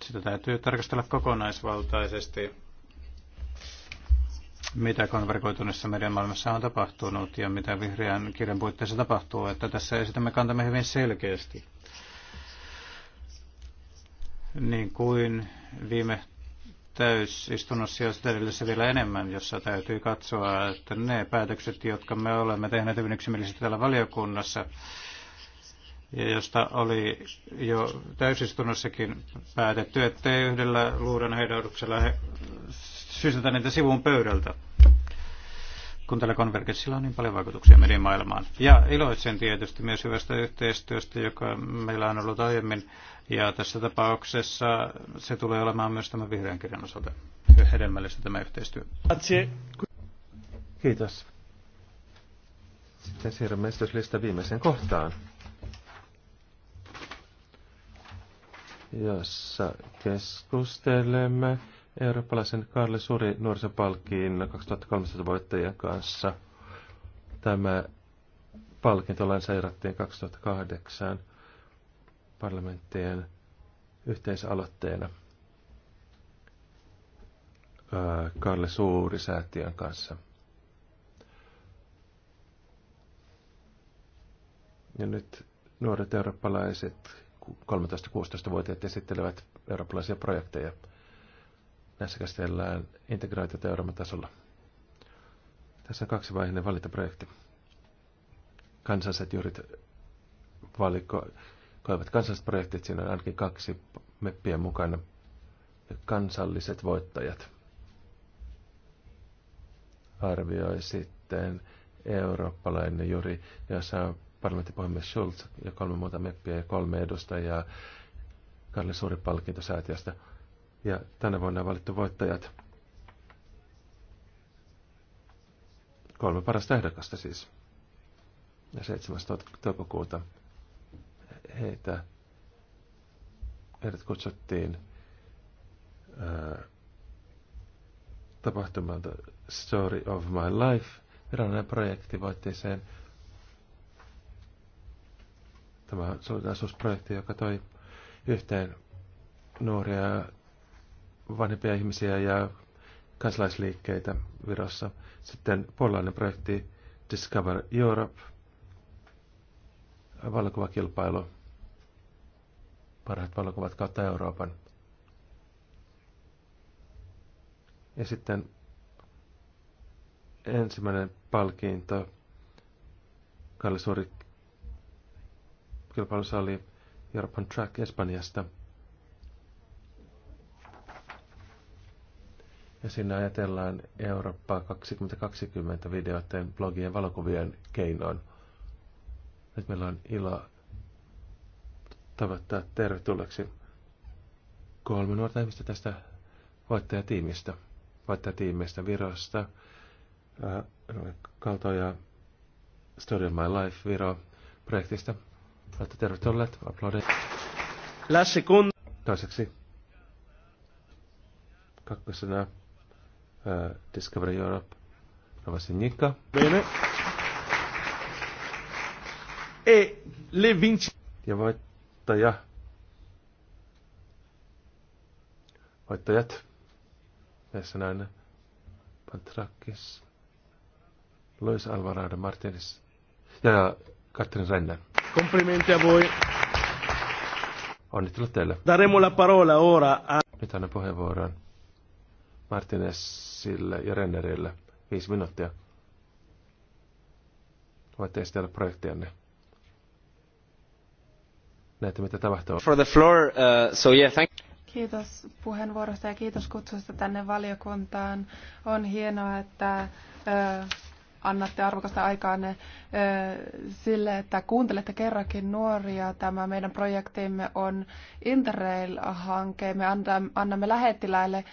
sitä täytyy tarkastella kokonaisvaltaisesti, mitä konvergoituneessa median maailmassa on tapahtunut ja mitä vihreän kirjan puitteissa tapahtuu, että tässä esitämme kantamme hyvin selkeästi. Niin kuin viime täysistunnossa ja sitä edellisessä vielä enemmän, jossa täytyy katsoa, että ne päätökset, jotka me olemme tehneet hyvin yksimielisesti täällä valiokunnassa, ja josta oli jo täysistunnossakin päätetty, ettei yhdellä luuran heidauduksella he sysätä niitä sivun pöydältä kun tällä konvergenssilla on niin paljon vaikutuksia medimaailmaan. Ja iloitsen tietysti myös hyvästä yhteistyöstä, joka meillä on ollut aiemmin. Ja tässä tapauksessa se tulee olemaan myös tämän vihreän kirjan osalta hedelmällistä tämä yhteistyö. Kiitos. Sitten siirrymme esityslista viimeiseen kohtaan, jossa keskustelemme eurooppalaisen Karle Suri nuorisopalkkiin 2300 voittajien kanssa. Tämä palkinto lanseerattiin 2008 parlamenttien yhteisaloitteena äh, Karle Suuri säätiön kanssa. Ja nyt nuoret eurooppalaiset 13-16-vuotiaat esittelevät eurooppalaisia projekteja – Näissä käsitellään integraatiota Tässä on kaksivaiheinen valintaprojekti. Kansalliset juurit valikoivat kansalliset projektit, siinä on ainakin kaksi meppiä mukana. Ja kansalliset voittajat arvioi sitten eurooppalainen juuri, jossa on parlamenttipuhemies Schulz ja kolme muuta meppiä ja kolme edustajaa Karli Suuri palkintosäätiöstä ja tänä vuonna on valittu voittajat. Kolme parasta ehdokasta siis. Ja 7. toukokuuta heitä, heidät kutsuttiin ää, tapahtumalta Story of My Life. Virallinen projekti voitteeseen. Tämä solidaisuusprojekti, joka toi yhteen nuoria vanhempia ihmisiä ja kansalaisliikkeitä Virossa. Sitten puolalainen projekti Discover Europe, valokuvakilpailu, parhaat valokuvat kautta Euroopan. Ja sitten ensimmäinen palkinto Suuri kilpailussa oli Euroopan Track Espanjasta – Ja siinä ajatellaan Eurooppaa 2020 videoiden, blogien, valokuvien keinoin. Nyt meillä on ilo tavoittaa tervetulleeksi kolme nuorta ihmistä tästä voittajatiimistä. Voittajatiimistä Virosta, äh, Kaltoja Story of My Life Viro projektista. Olette tervetulleet, aplodit. La Kun. Toiseksi kakkosena Eh, Discovery Europe. Vasinika. Bene. E le vinci... Ja voittaja. Voittajat. Tässä näin. Pantrakis. Luis Alvarado Martinez. Ja Katrin Renner. Complimenti a voi. Onnittelut teille. Daremo la parola ora a... Nyt annan puheenvuoron Martinezille ja Rennerille viisi minuuttia. Voitte esitellä projektianne. Näette, mitä tapahtuu. For the floor, uh, so yeah, thank Kiitos puheenvuorosta ja kiitos kutsusta tänne valiokuntaan. On hienoa, että uh, annatte arvokasta aikaa ö, sille, että kuuntelette kerrankin nuoria. Tämä meidän projektimme on Interrail-hanke. Me annamme lähettiläille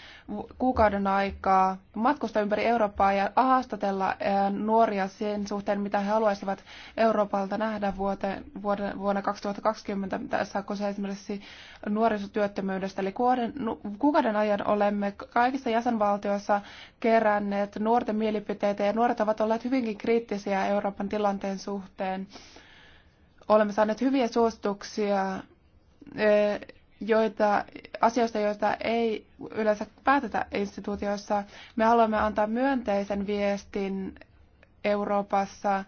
kuukauden aikaa matkustaa ympäri Eurooppaa ja haastatella nuoria sen suhteen, mitä he haluaisivat Euroopalta nähdä vuoteen, vuonna 2020. Tässä on se esimerkiksi nuorisotyöttömyydestä. Eli kuukauden ajan olemme kaikissa jäsenvaltioissa keränneet nuorten mielipiteitä ja nuoret ovat olleet olleet hyvinkin kriittisiä Euroopan tilanteen suhteen. Olemme saaneet hyviä suosituksia joita, asioista, joita ei yleensä päätetä instituutioissa. Me haluamme antaa myönteisen viestin Euroopassa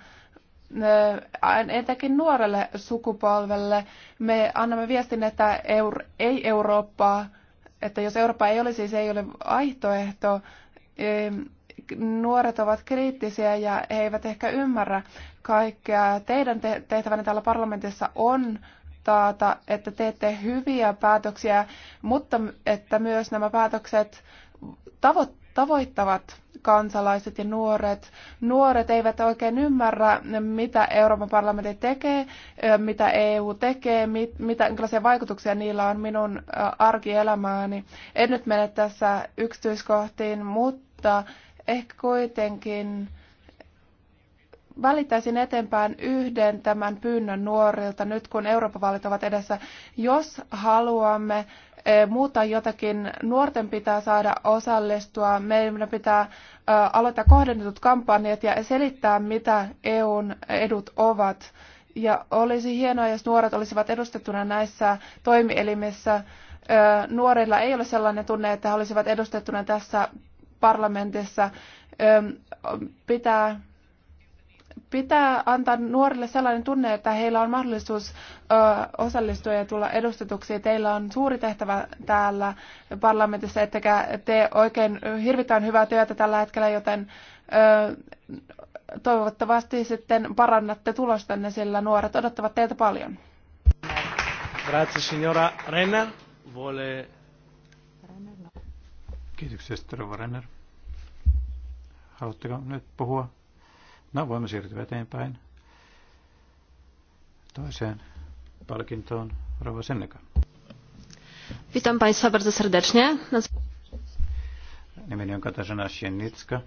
etenkin nuorelle sukupolvelle. Me annamme viestin, että euro, ei Eurooppaa, että jos Eurooppa ei olisi, se ei ole vaihtoehto nuoret ovat kriittisiä ja he eivät ehkä ymmärrä kaikkea. Teidän tehtävänne täällä parlamentissa on taata, että teette hyviä päätöksiä, mutta että myös nämä päätökset tavoittavat kansalaiset ja nuoret. Nuoret eivät oikein ymmärrä, mitä Euroopan parlamentti tekee, mitä EU tekee, mit, mitä millaisia vaikutuksia niillä on minun arkielämääni. En nyt mene tässä yksityiskohtiin, mutta ehkä kuitenkin valitaisin eteenpäin yhden tämän pyynnön nuorilta nyt, kun Euroopan vaalit ovat edessä. Jos haluamme e, muuta jotakin, nuorten pitää saada osallistua, meidän pitää e, aloittaa kohdennetut kampanjat ja selittää, mitä EUn edut ovat. Ja olisi hienoa, jos nuoret olisivat edustettuna näissä toimielimissä. E, nuorilla ei ole sellainen tunne, että he olisivat edustettuna tässä parlamentissa pitää pitää antaa nuorille sellainen tunne, että heillä on mahdollisuus osallistua ja tulla edustetuksi. Teillä on suuri tehtävä täällä parlamentissa, ettekä tee oikein hirvittävän hyvää työtä tällä hetkellä, joten toivottavasti sitten parannatte tulostanne, sillä nuoret odottavat teiltä paljon. Grazie signora Renner. Vuole Kiitoksia, Stora Renner. Haluatteko nyt puhua? No, voimme siirtyä eteenpäin toiseen palkintoon. Rova Senneka. Witam Państwa bardzo serdecznie. Nimeni on Katarzyna Siennicka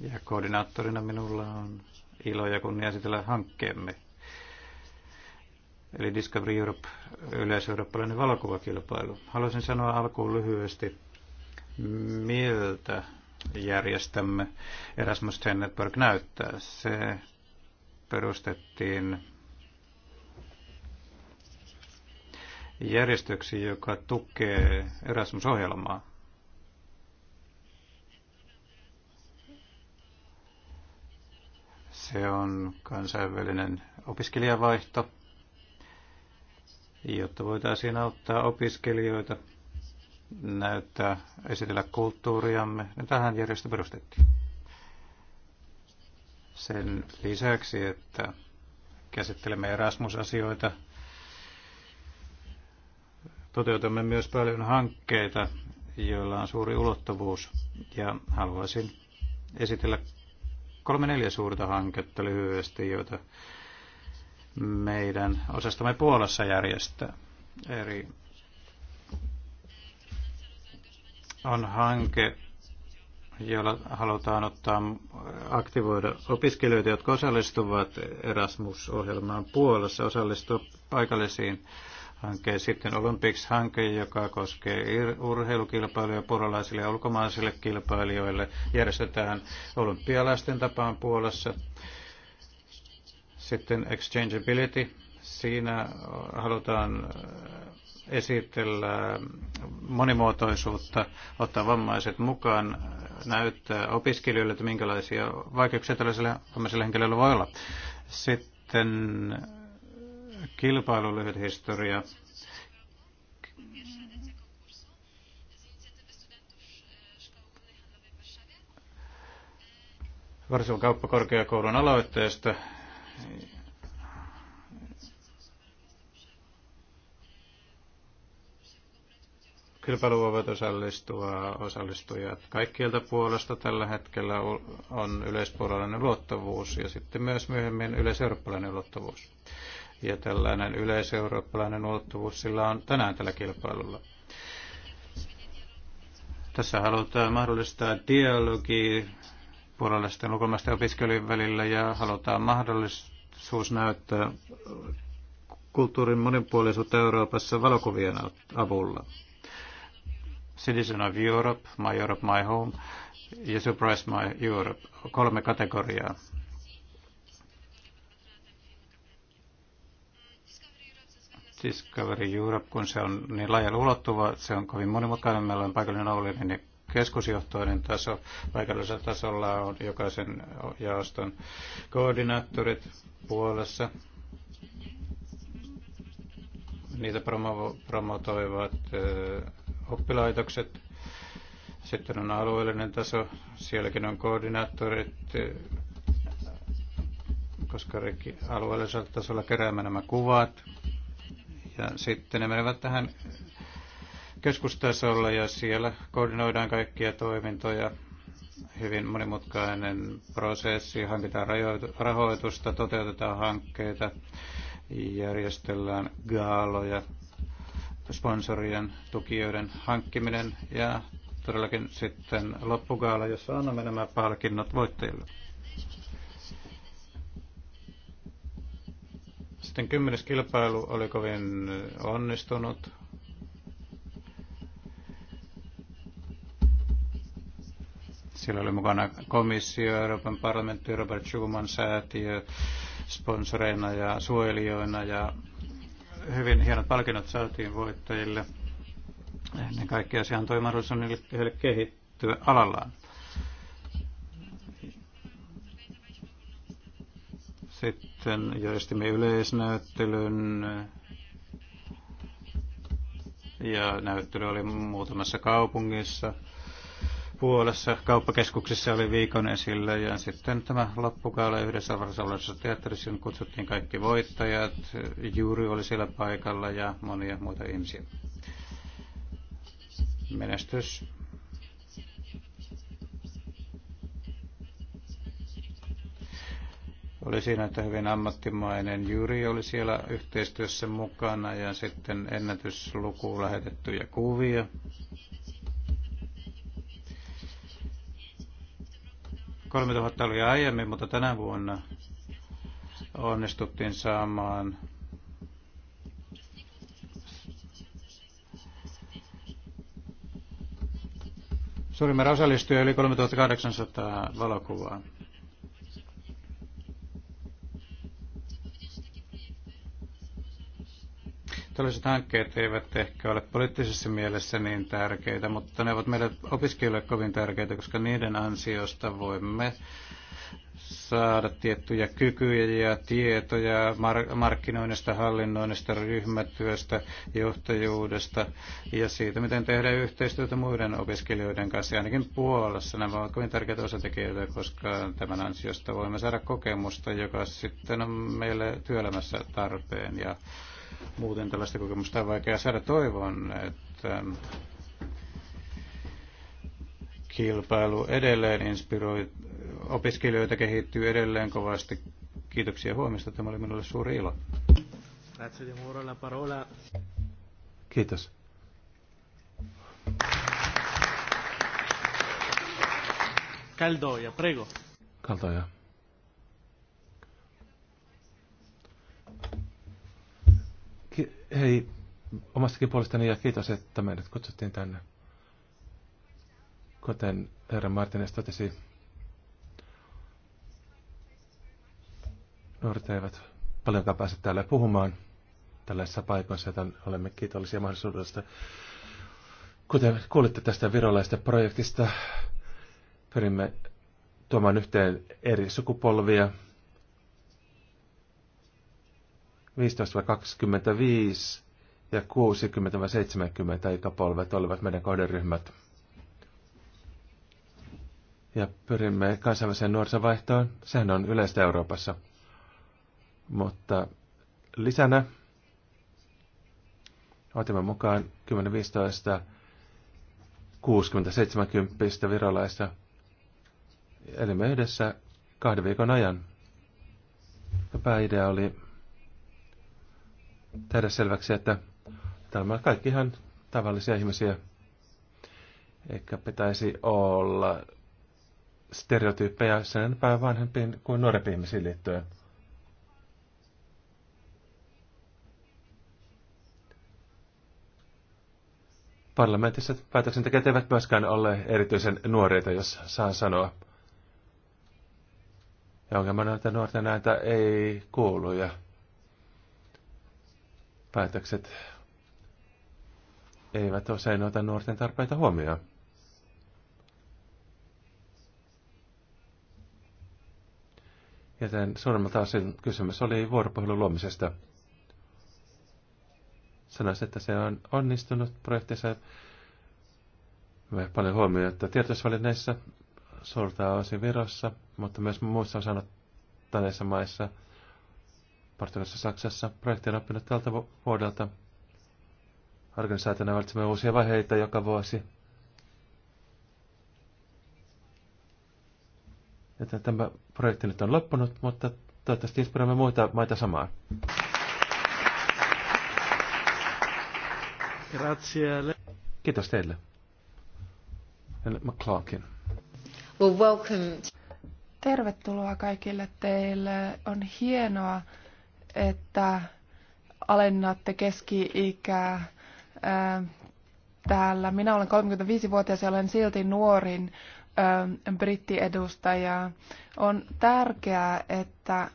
ja koordinaattorina minulla on ilo ja kunnia esitellä hankkeemme. Eli Discovery Europe, yleiseurooppalainen valokuvakilpailu. Haluaisin sanoa alkuun lyhyesti miltä järjestämme Erasmus Network näyttää. Se perustettiin järjestöksi, joka tukee Erasmus-ohjelmaa. Se on kansainvälinen opiskelijavaihto, jotta voitaisiin auttaa opiskelijoita – näyttää, esitellä kulttuuriamme, niin tähän järjestö perustettiin. Sen lisäksi, että käsittelemme Erasmus-asioita, toteutamme myös paljon hankkeita, joilla on suuri ulottuvuus, ja haluaisin esitellä kolme neljä suurta hanketta lyhyesti, joita meidän osastamme Puolassa järjestää eri on hanke, jolla halutaan ottaa aktivoida opiskelijoita, jotka osallistuvat Erasmus-ohjelmaan puolessa, osallistua paikallisiin hankkeen. Sitten Olympics-hanke, joka koskee urheilukilpailuja puolalaisille ja ulkomaisille kilpailijoille, järjestetään olympialaisten tapaan puolessa. Sitten Exchangeability, siinä halutaan esitellä monimuotoisuutta, ottaa vammaiset mukaan, näyttää opiskelijoille, että minkälaisia vaikeuksia tällaiselle vammaiselle henkilölle voi olla. Sitten kilpailu lyhyt historia. Varsinkin kauppakorkeakoulun aloitteesta Kilpailu voivat osallistua osallistujat kaikkialta puolesta. Tällä hetkellä on yleispuolalainen luottavuus ja sitten myös myöhemmin yleiseurooppalainen luottavuus. Ja tällainen yleiseurooppalainen luottavuus sillä on tänään tällä kilpailulla. Tässä halutaan mahdollistaa dialogi puolalaisten ulkomaisten opiskelijoiden välillä ja halutaan mahdollisuus näyttää kulttuurin monipuolisuutta Euroopassa valokuvien avulla. Citizen of Europe, My Europe, My Home ja Surprise My Europe. Kolme kategoriaa. Discovery Europe, kun se on niin laajalla ulottuva, se on kovin monimutkainen. Meillä on paikallinen alueellinen ja keskusjohtoinen taso. Paikallisella tasolla on jokaisen jaoston koordinaattorit puolessa. Niitä promo- promotoivat oppilaitokset. Sitten on alueellinen taso, sielläkin on koordinaattorit, koska alueellisella tasolla keräämme nämä kuvat. Ja sitten ne menevät tähän keskustasolla ja siellä koordinoidaan kaikkia toimintoja. Hyvin monimutkainen prosessi, hankitaan rahoitusta, toteutetaan hankkeita, järjestellään gaaloja sponsorien, tukijoiden hankkiminen ja todellakin sitten loppugaala, jossa annamme nämä palkinnot voittajille. Sitten kymmenes kilpailu oli kovin onnistunut. Siellä oli mukana komissio, Euroopan parlamentti, Robert Schumann säätiö sponsoreina ja suojelijoina ja hyvin hienot palkinnot saatiin voittajille. Ennen kaikkea se antoi mahdollisuuden heille kehittyä alallaan. Sitten järjestimme yleisnäyttelyn ja näyttely oli muutamassa kaupungissa puolessa kauppakeskuksessa oli viikon esillä ja sitten tämä loppukaala yhdessä varsinaisessa teatterissa, kun kutsuttiin kaikki voittajat, juuri oli siellä paikalla ja monia muita ihmisiä. Menestys oli siinä, että hyvin ammattimainen juuri oli siellä yhteistyössä mukana ja sitten ennätyslukuun lähetettyjä kuvia 3000 oli aiemmin, mutta tänä vuonna onnistuttiin saamaan Suuri määrä yli 3800 valokuvaa. Tällaiset hankkeet eivät ehkä ole poliittisessa mielessä niin tärkeitä, mutta ne ovat meille opiskelijoille kovin tärkeitä, koska niiden ansiosta voimme saada tiettyjä kykyjä ja tietoja markkinoinnista, hallinnoinnista, ryhmätyöstä, johtajuudesta ja siitä, miten tehdä yhteistyötä muiden opiskelijoiden kanssa. Ja ainakin Puolassa nämä ovat kovin tärkeitä osatekijöitä, koska tämän ansiosta voimme saada kokemusta, joka sitten on meille työelämässä tarpeen. Ja Muuten tällaista kokemusta on vaikea saada. Toivon, että kilpailu edelleen inspiroi opiskelijoita, kehittyy edelleen kovasti. Kiitoksia huomista. Tämä oli minulle suuri ilo. Kiitos. Caldoja, prego. Caldoja. hei omastakin puolestani ja kiitos, että meidät kutsuttiin tänne. Kuten herra Martinez totesi, nuoret eivät paljonkaan pääse täällä puhumaan tällaisessa paikassa, että olemme kiitollisia mahdollisuudesta. Kuten kuulitte tästä virolaista projektista, pyrimme tuomaan yhteen eri sukupolvia, 15-25 ja 60-70 ikäpolvet olivat meidän kohderyhmät. Ja pyrimme kansainväliseen nuorisovaihtoon. Sehän on yleistä Euroopassa. Mutta lisänä otimme mukaan 10-15 60-70 virolaista. Elimme yhdessä kahden viikon ajan. pääidea oli tehdä selväksi, että tämä kaikki ihan tavallisia ihmisiä, eikä pitäisi olla stereotyyppejä sen päin vanhempiin kuin nuorempiin ihmisiin liittyen. Parlamentissa päätöksentekijät eivät myöskään ole erityisen nuoreita, jos saan sanoa. Ja ongelmana, että nuorten näitä ei kuulu ja päätökset eivät usein ota nuorten tarpeita huomioon. Joten suuremmalta osin kysymys oli vuoropuhelun luomisesta. Sanoisin, että se on onnistunut projektissa. Me paljon huomiota tiedotusvälineissä, suurta osin Virossa, mutta myös muissa osanottaneissa maissa – Portugalissa Saksassa. Projekti on oppinut tältä vuodelta. Organisaationa valitsemme uusia vaiheita joka vuosi. Joten tämä projekti nyt on loppunut, mutta toivottavasti inspiroimme muita maita samaan. Grazie. Kiitos teille. McClarkin. Well, welcome. Tervetuloa kaikille teille. On hienoa, että alennatte keski-ikää täällä. Minä olen 35-vuotias ja olen silti nuorin brittiedustaja. On tärkeää, että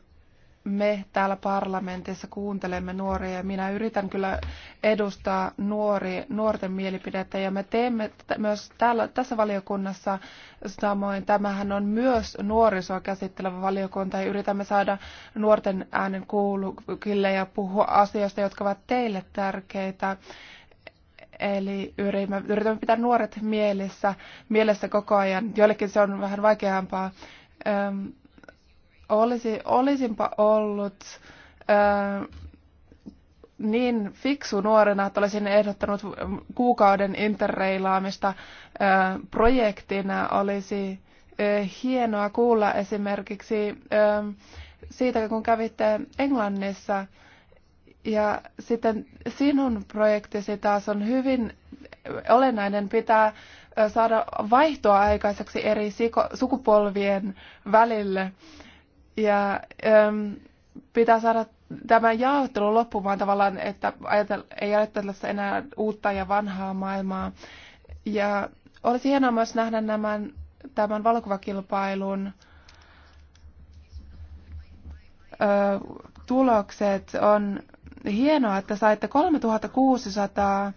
me täällä parlamentissa kuuntelemme nuoria ja minä yritän kyllä edustaa nuori, nuorten mielipidettä ja me teemme myös täällä, tässä valiokunnassa samoin. Tämähän on myös nuorisoa käsittelevä valiokunta ja yritämme saada nuorten äänen kuulukille ja puhua asioista, jotka ovat teille tärkeitä. Eli yritämme, yritämme pitää nuoret mielessä, mielessä koko ajan. Joillekin se on vähän vaikeampaa. Öm, olisi, olisinpa ollut ö, niin fiksu nuorena, että olisin ehdottanut kuukauden interreilaamista ö, projektina. Olisi ö, hienoa kuulla esimerkiksi ö, siitä, kun kävitte Englannissa. Ja sitten sinun projektisi taas on hyvin olennainen pitää saada vaihtoa aikaiseksi eri siko, sukupolvien välille. Ja äm, pitää saada tämä jaottelu loppumaan tavallaan, että ajatella, ei ajatella enää uutta ja vanhaa maailmaa. Ja olisi hienoa myös nähdä nämä, tämän valokuvakilpailun ö, tulokset. On hienoa, että saitte 3600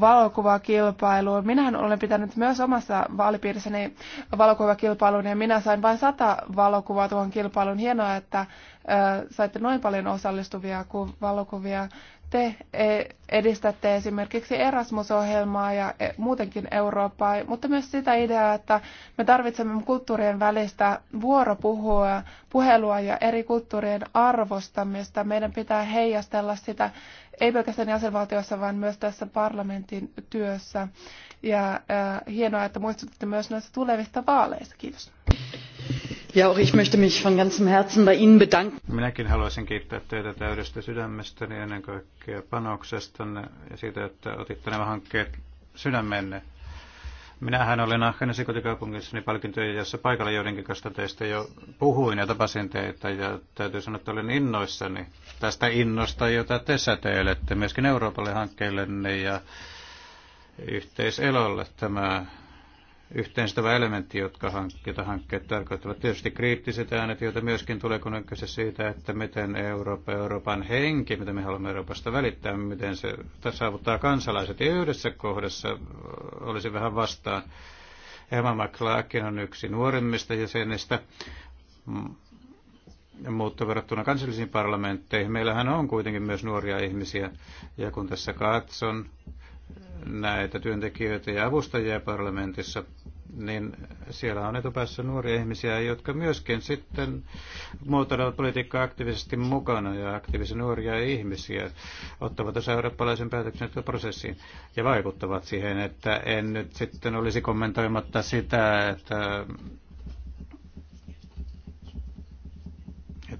valokuvakilpailuun. Minähän olen pitänyt myös omassa vaalipiirissäni valokuvakilpailun ja minä sain vain 100 valokuvaa tuohon kilpailuun. Hienoa, että saitte noin paljon osallistuvia valokuvia te e, edistätte esimerkiksi Erasmus-ohjelmaa ja e, muutenkin Eurooppaa, mutta myös sitä ideaa, että me tarvitsemme kulttuurien välistä vuoropuhua, puhelua ja eri kulttuurien arvostamista. Meidän pitää heijastella sitä ei pelkästään jäsenvaltiossa, vaan myös tässä parlamentin työssä. Ja äh, hienoa, että muistutatte myös näistä tulevista vaaleista. Kiitos. Ja auch ich möchte mich von ganzem Herzen bei Ihnen bedanken. Minäkin haluaisin kiittää teitä täydestä sydämestäni ennen kaikkea panoksestanne ja siitä, että otitte nämä hankkeet sydämenne. Minähän olin Ahkenesi kotikaupungissani palkintojen jossa paikalla joidenkin kanssa teistä jo puhuin ja tapasin teitä ja täytyy sanoa, että olen innoissani tästä innosta, jota te säteilette myöskin Euroopalle hankkeillenne ja yhteiselolle tämä yhteensitävä elementti, jotka jota hankkeet tarkoittavat. Tietysti kriittiset äänet, joita myöskin tulee, kun on kyse siitä, että miten Eurooppa, Euroopan henki, mitä me haluamme Euroopasta välittää, miten se saavuttaa kansalaiset. Ja yhdessä kohdassa olisi vähän vastaan. Emma McClarkin on yksi nuoremmista jäsenistä, mutta mm, verrattuna kansallisiin parlamentteihin meillähän on kuitenkin myös nuoria ihmisiä. Ja kun tässä katson näitä työntekijöitä ja avustajia parlamentissa, niin siellä on etupäässä nuoria ihmisiä, jotka myöskin sitten muotoilevat politiikkaa aktiivisesti mukana ja aktiivisia nuoria ihmisiä ottavat osa eurooppalaisen päätöksentekoprosessiin ja vaikuttavat siihen, että en nyt sitten olisi kommentoimatta sitä, että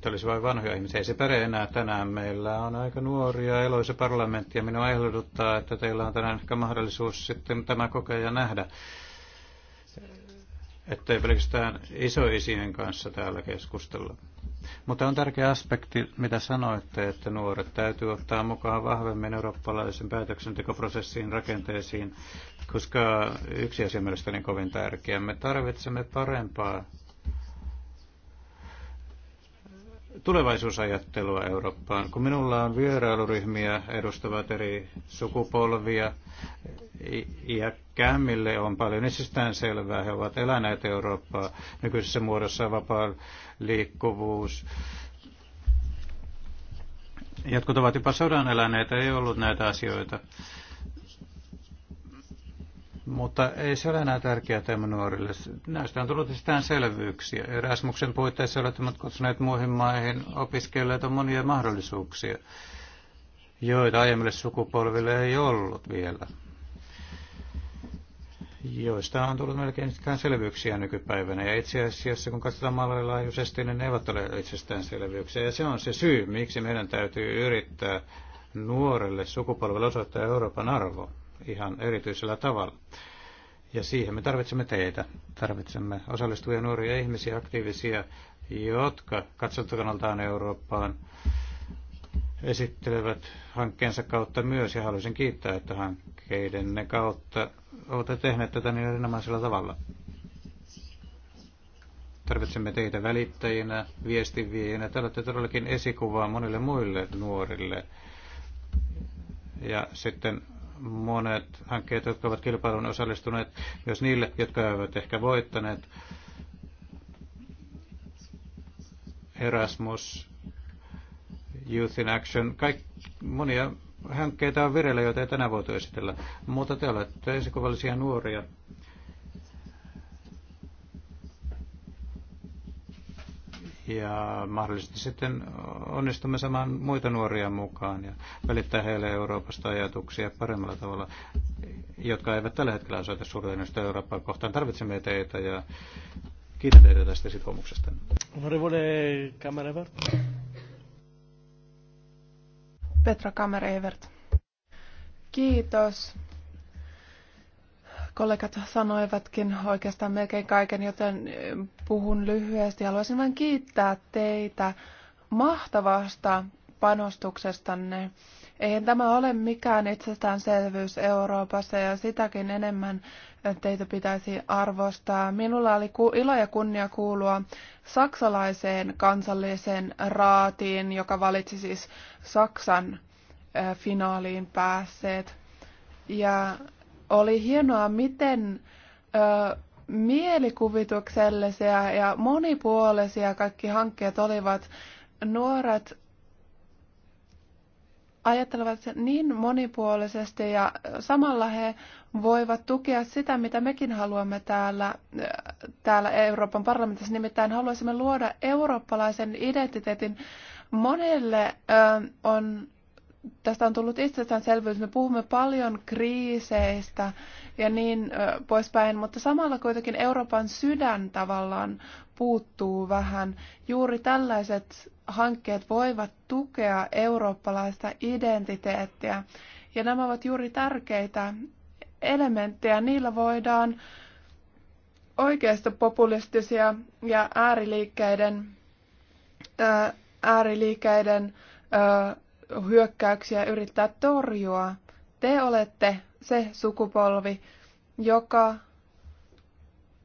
että olisi vain vanhoja ihmisiä. Ei se päde enää tänään. Meillä on aika nuoria eloisa parlamentti ja minua ehdottaa, että teillä on tänään ehkä mahdollisuus sitten tämä kokea ja nähdä. Että ei pelkästään isoisien kanssa täällä keskustella. Mutta on tärkeä aspekti, mitä sanoitte, että nuoret täytyy ottaa mukaan vahvemmin eurooppalaisen päätöksentekoprosessiin, rakenteisiin, koska yksi asia mielestäni kovin tärkeä. Me tarvitsemme parempaa tulevaisuusajattelua Eurooppaan. Kun minulla on vierailuryhmiä edustavat eri sukupolvia, ja kämmille on paljon itsestään selvää. He ovat eläneet Eurooppaa nykyisessä muodossa vapaa liikkuvuus. Jotkut ovat jopa sodan eläneet, ei ollut näitä asioita mutta ei se ole enää tärkeä teema nuorille. Näistä on tullut selvyyksiä. Erasmuksen puitteissa olette kutsuneet muihin maihin opiskelijoita monia mahdollisuuksia, joita aiemmille sukupolville ei ollut vielä. Joista on tullut melkein selvyyksiä nykypäivänä. Ja itse asiassa, kun katsotaan maailmanlaajuisesti, niin ne eivät ole selvyyksiä. Ja se on se syy, miksi meidän täytyy yrittää nuorelle sukupolvelle osoittaa Euroopan arvoa ihan erityisellä tavalla. Ja siihen me tarvitsemme teitä. Tarvitsemme osallistuvia nuoria ihmisiä, aktiivisia, jotka katsantokanaltaan Eurooppaan esittelevät hankkeensa kautta myös. Ja haluaisin kiittää, että hankkeidenne kautta olette tehneet tätä niin erinomaisella tavalla. Tarvitsemme teitä välittäjinä, viestinviejinä. Te olette todellakin esikuvaa monille muille nuorille. Ja sitten monet hankkeet, jotka ovat kilpailuun osallistuneet, myös niille, jotka eivät ehkä voittaneet. Erasmus, Youth in Action, kaik, monia hankkeita on vireillä, joita ei tänään voitu esitellä. Mutta te olette esikuvallisia nuoria ja mahdollisesti sitten onnistumme samaan muita nuoria mukaan ja välittää heille Euroopasta ajatuksia paremmalla tavalla, jotka eivät tällä hetkellä osoita suurta Eurooppaa kohtaan. Tarvitsemme teitä ja kiitän teitä tästä sitoumuksesta. Petra Kamerevert. Kiitos kollegat sanoivatkin oikeastaan melkein kaiken, joten puhun lyhyesti. Haluaisin vain kiittää teitä mahtavasta panostuksestanne. Eihän tämä ole mikään itsestäänselvyys Euroopassa ja sitäkin enemmän teitä pitäisi arvostaa. Minulla oli ilo ja kunnia kuulua saksalaiseen kansalliseen raatiin, joka valitsi siis Saksan finaaliin päässeet. Ja oli hienoa, miten mielikuvituksellisia ja monipuolisia kaikki hankkeet olivat. Nuoret ajattelevat niin monipuolisesti ja samalla he voivat tukea sitä, mitä mekin haluamme täällä, täällä Euroopan parlamentissa. Nimittäin haluaisimme luoda eurooppalaisen identiteetin. Monelle ö, on tästä on tullut itsestäänselvyys. Me puhumme paljon kriiseistä ja niin poispäin, mutta samalla kuitenkin Euroopan sydän tavallaan puuttuu vähän. Juuri tällaiset hankkeet voivat tukea eurooppalaista identiteettiä. Ja nämä ovat juuri tärkeitä elementtejä. Niillä voidaan oikeasta populistisia ja ääriliikkeiden, ää, ääriliikkeiden ää, hyökkäyksiä yrittää torjua. Te olette se sukupolvi, joka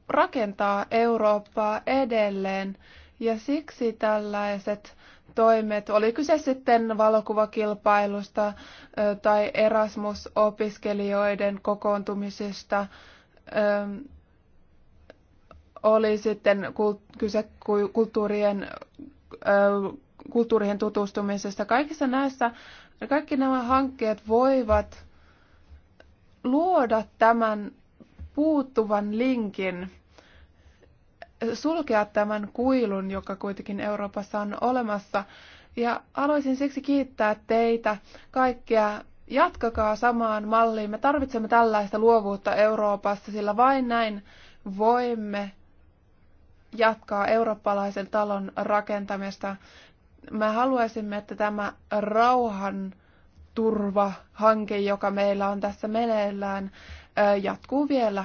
rakentaa Eurooppaa edelleen. Ja siksi tällaiset toimet, oli kyse sitten valokuvakilpailusta tai Erasmus-opiskelijoiden kokoontumisesta, oli sitten kyse kulttuurien kulttuurien tutustumisesta. Kaikissa näissä, kaikki nämä hankkeet voivat luoda tämän puuttuvan linkin, sulkea tämän kuilun, joka kuitenkin Euroopassa on olemassa. Ja haluaisin siksi kiittää teitä kaikkia. Jatkakaa samaan malliin. Me tarvitsemme tällaista luovuutta Euroopassa, sillä vain näin voimme jatkaa eurooppalaisen talon rakentamista me haluaisimme, että tämä rauhan turvahanke, joka meillä on tässä meneillään, jatkuu vielä,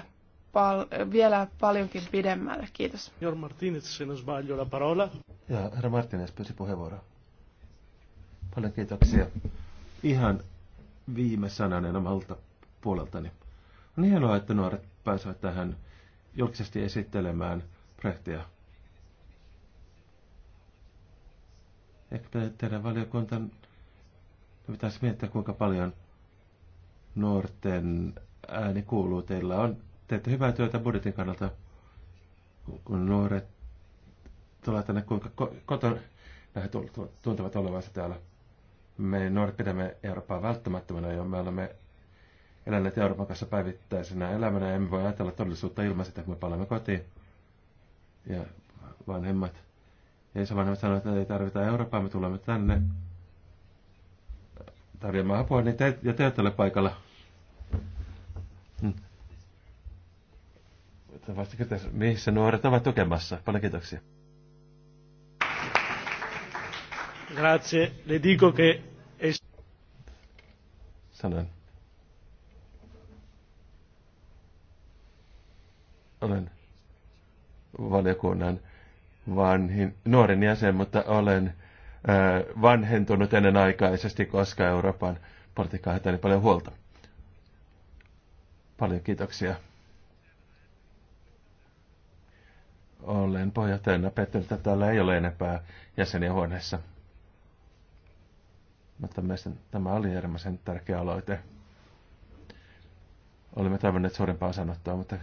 pal- vielä paljonkin pidemmälle. Kiitos. Jor Martinez, se non sbaglio la parola. Ja herra Martinez pyysi puheenvuoroa. Paljon kiitoksia. Ihan viime sananen omalta puoleltani. On hienoa, että nuoret pääsevät tähän julkisesti esittelemään Brechtia. Ehkä teidän valiokuntan pitäisi miettiä, kuinka paljon nuorten ääni kuuluu. Teillä on, teette hyvää työtä budjetin kannalta, kun nuoret tulee tänne, kuinka kotona he tuntevat olevansa täällä. Me nuoret pidämme Eurooppaa välttämättömänä ja me olemme eläneet Euroopan kanssa päivittäisenä elämänä. Emme voi ajatella todellisuutta ilman sitä, kun me palaamme kotiin. Ja vanhemmat ja vanhemmat sanoivat, että ei tarvita Eurooppaa, me tulemme tänne tarjoamaan apua, niin te, ja te ette paikalla. Hmm. tässä, missä nuoret ovat tukemassa? Paljon kiitoksia. Grazie, le dico che... Sanoin. Olen valiokunnan vanhin, nuoren jäsen, mutta olen vanhentunut ennenaikaisesti, koska Euroopan politiikkaa herättää paljon huolta. Paljon kiitoksia. Olen pohjoittajana pettynyt, että täällä ei ole enempää jäseniä huoneessa. Mutta mielestäni tämä oli äärimmäisen tärkeä aloite. Olemme tarvinneet suurempaa sanottua, mutta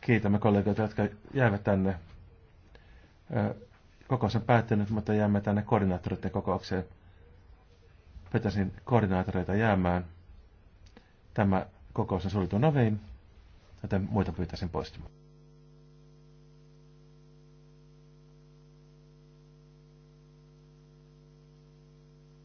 kiitämme kollegoita, jotka jäivät tänne kokous on päättynyt, mutta jäämme tänne koordinaattoreiden kokoukseen. Petäisin koordinaattoreita jäämään. Tämä kokous on suljettu novein, joten muita pyytäisin poistumaan.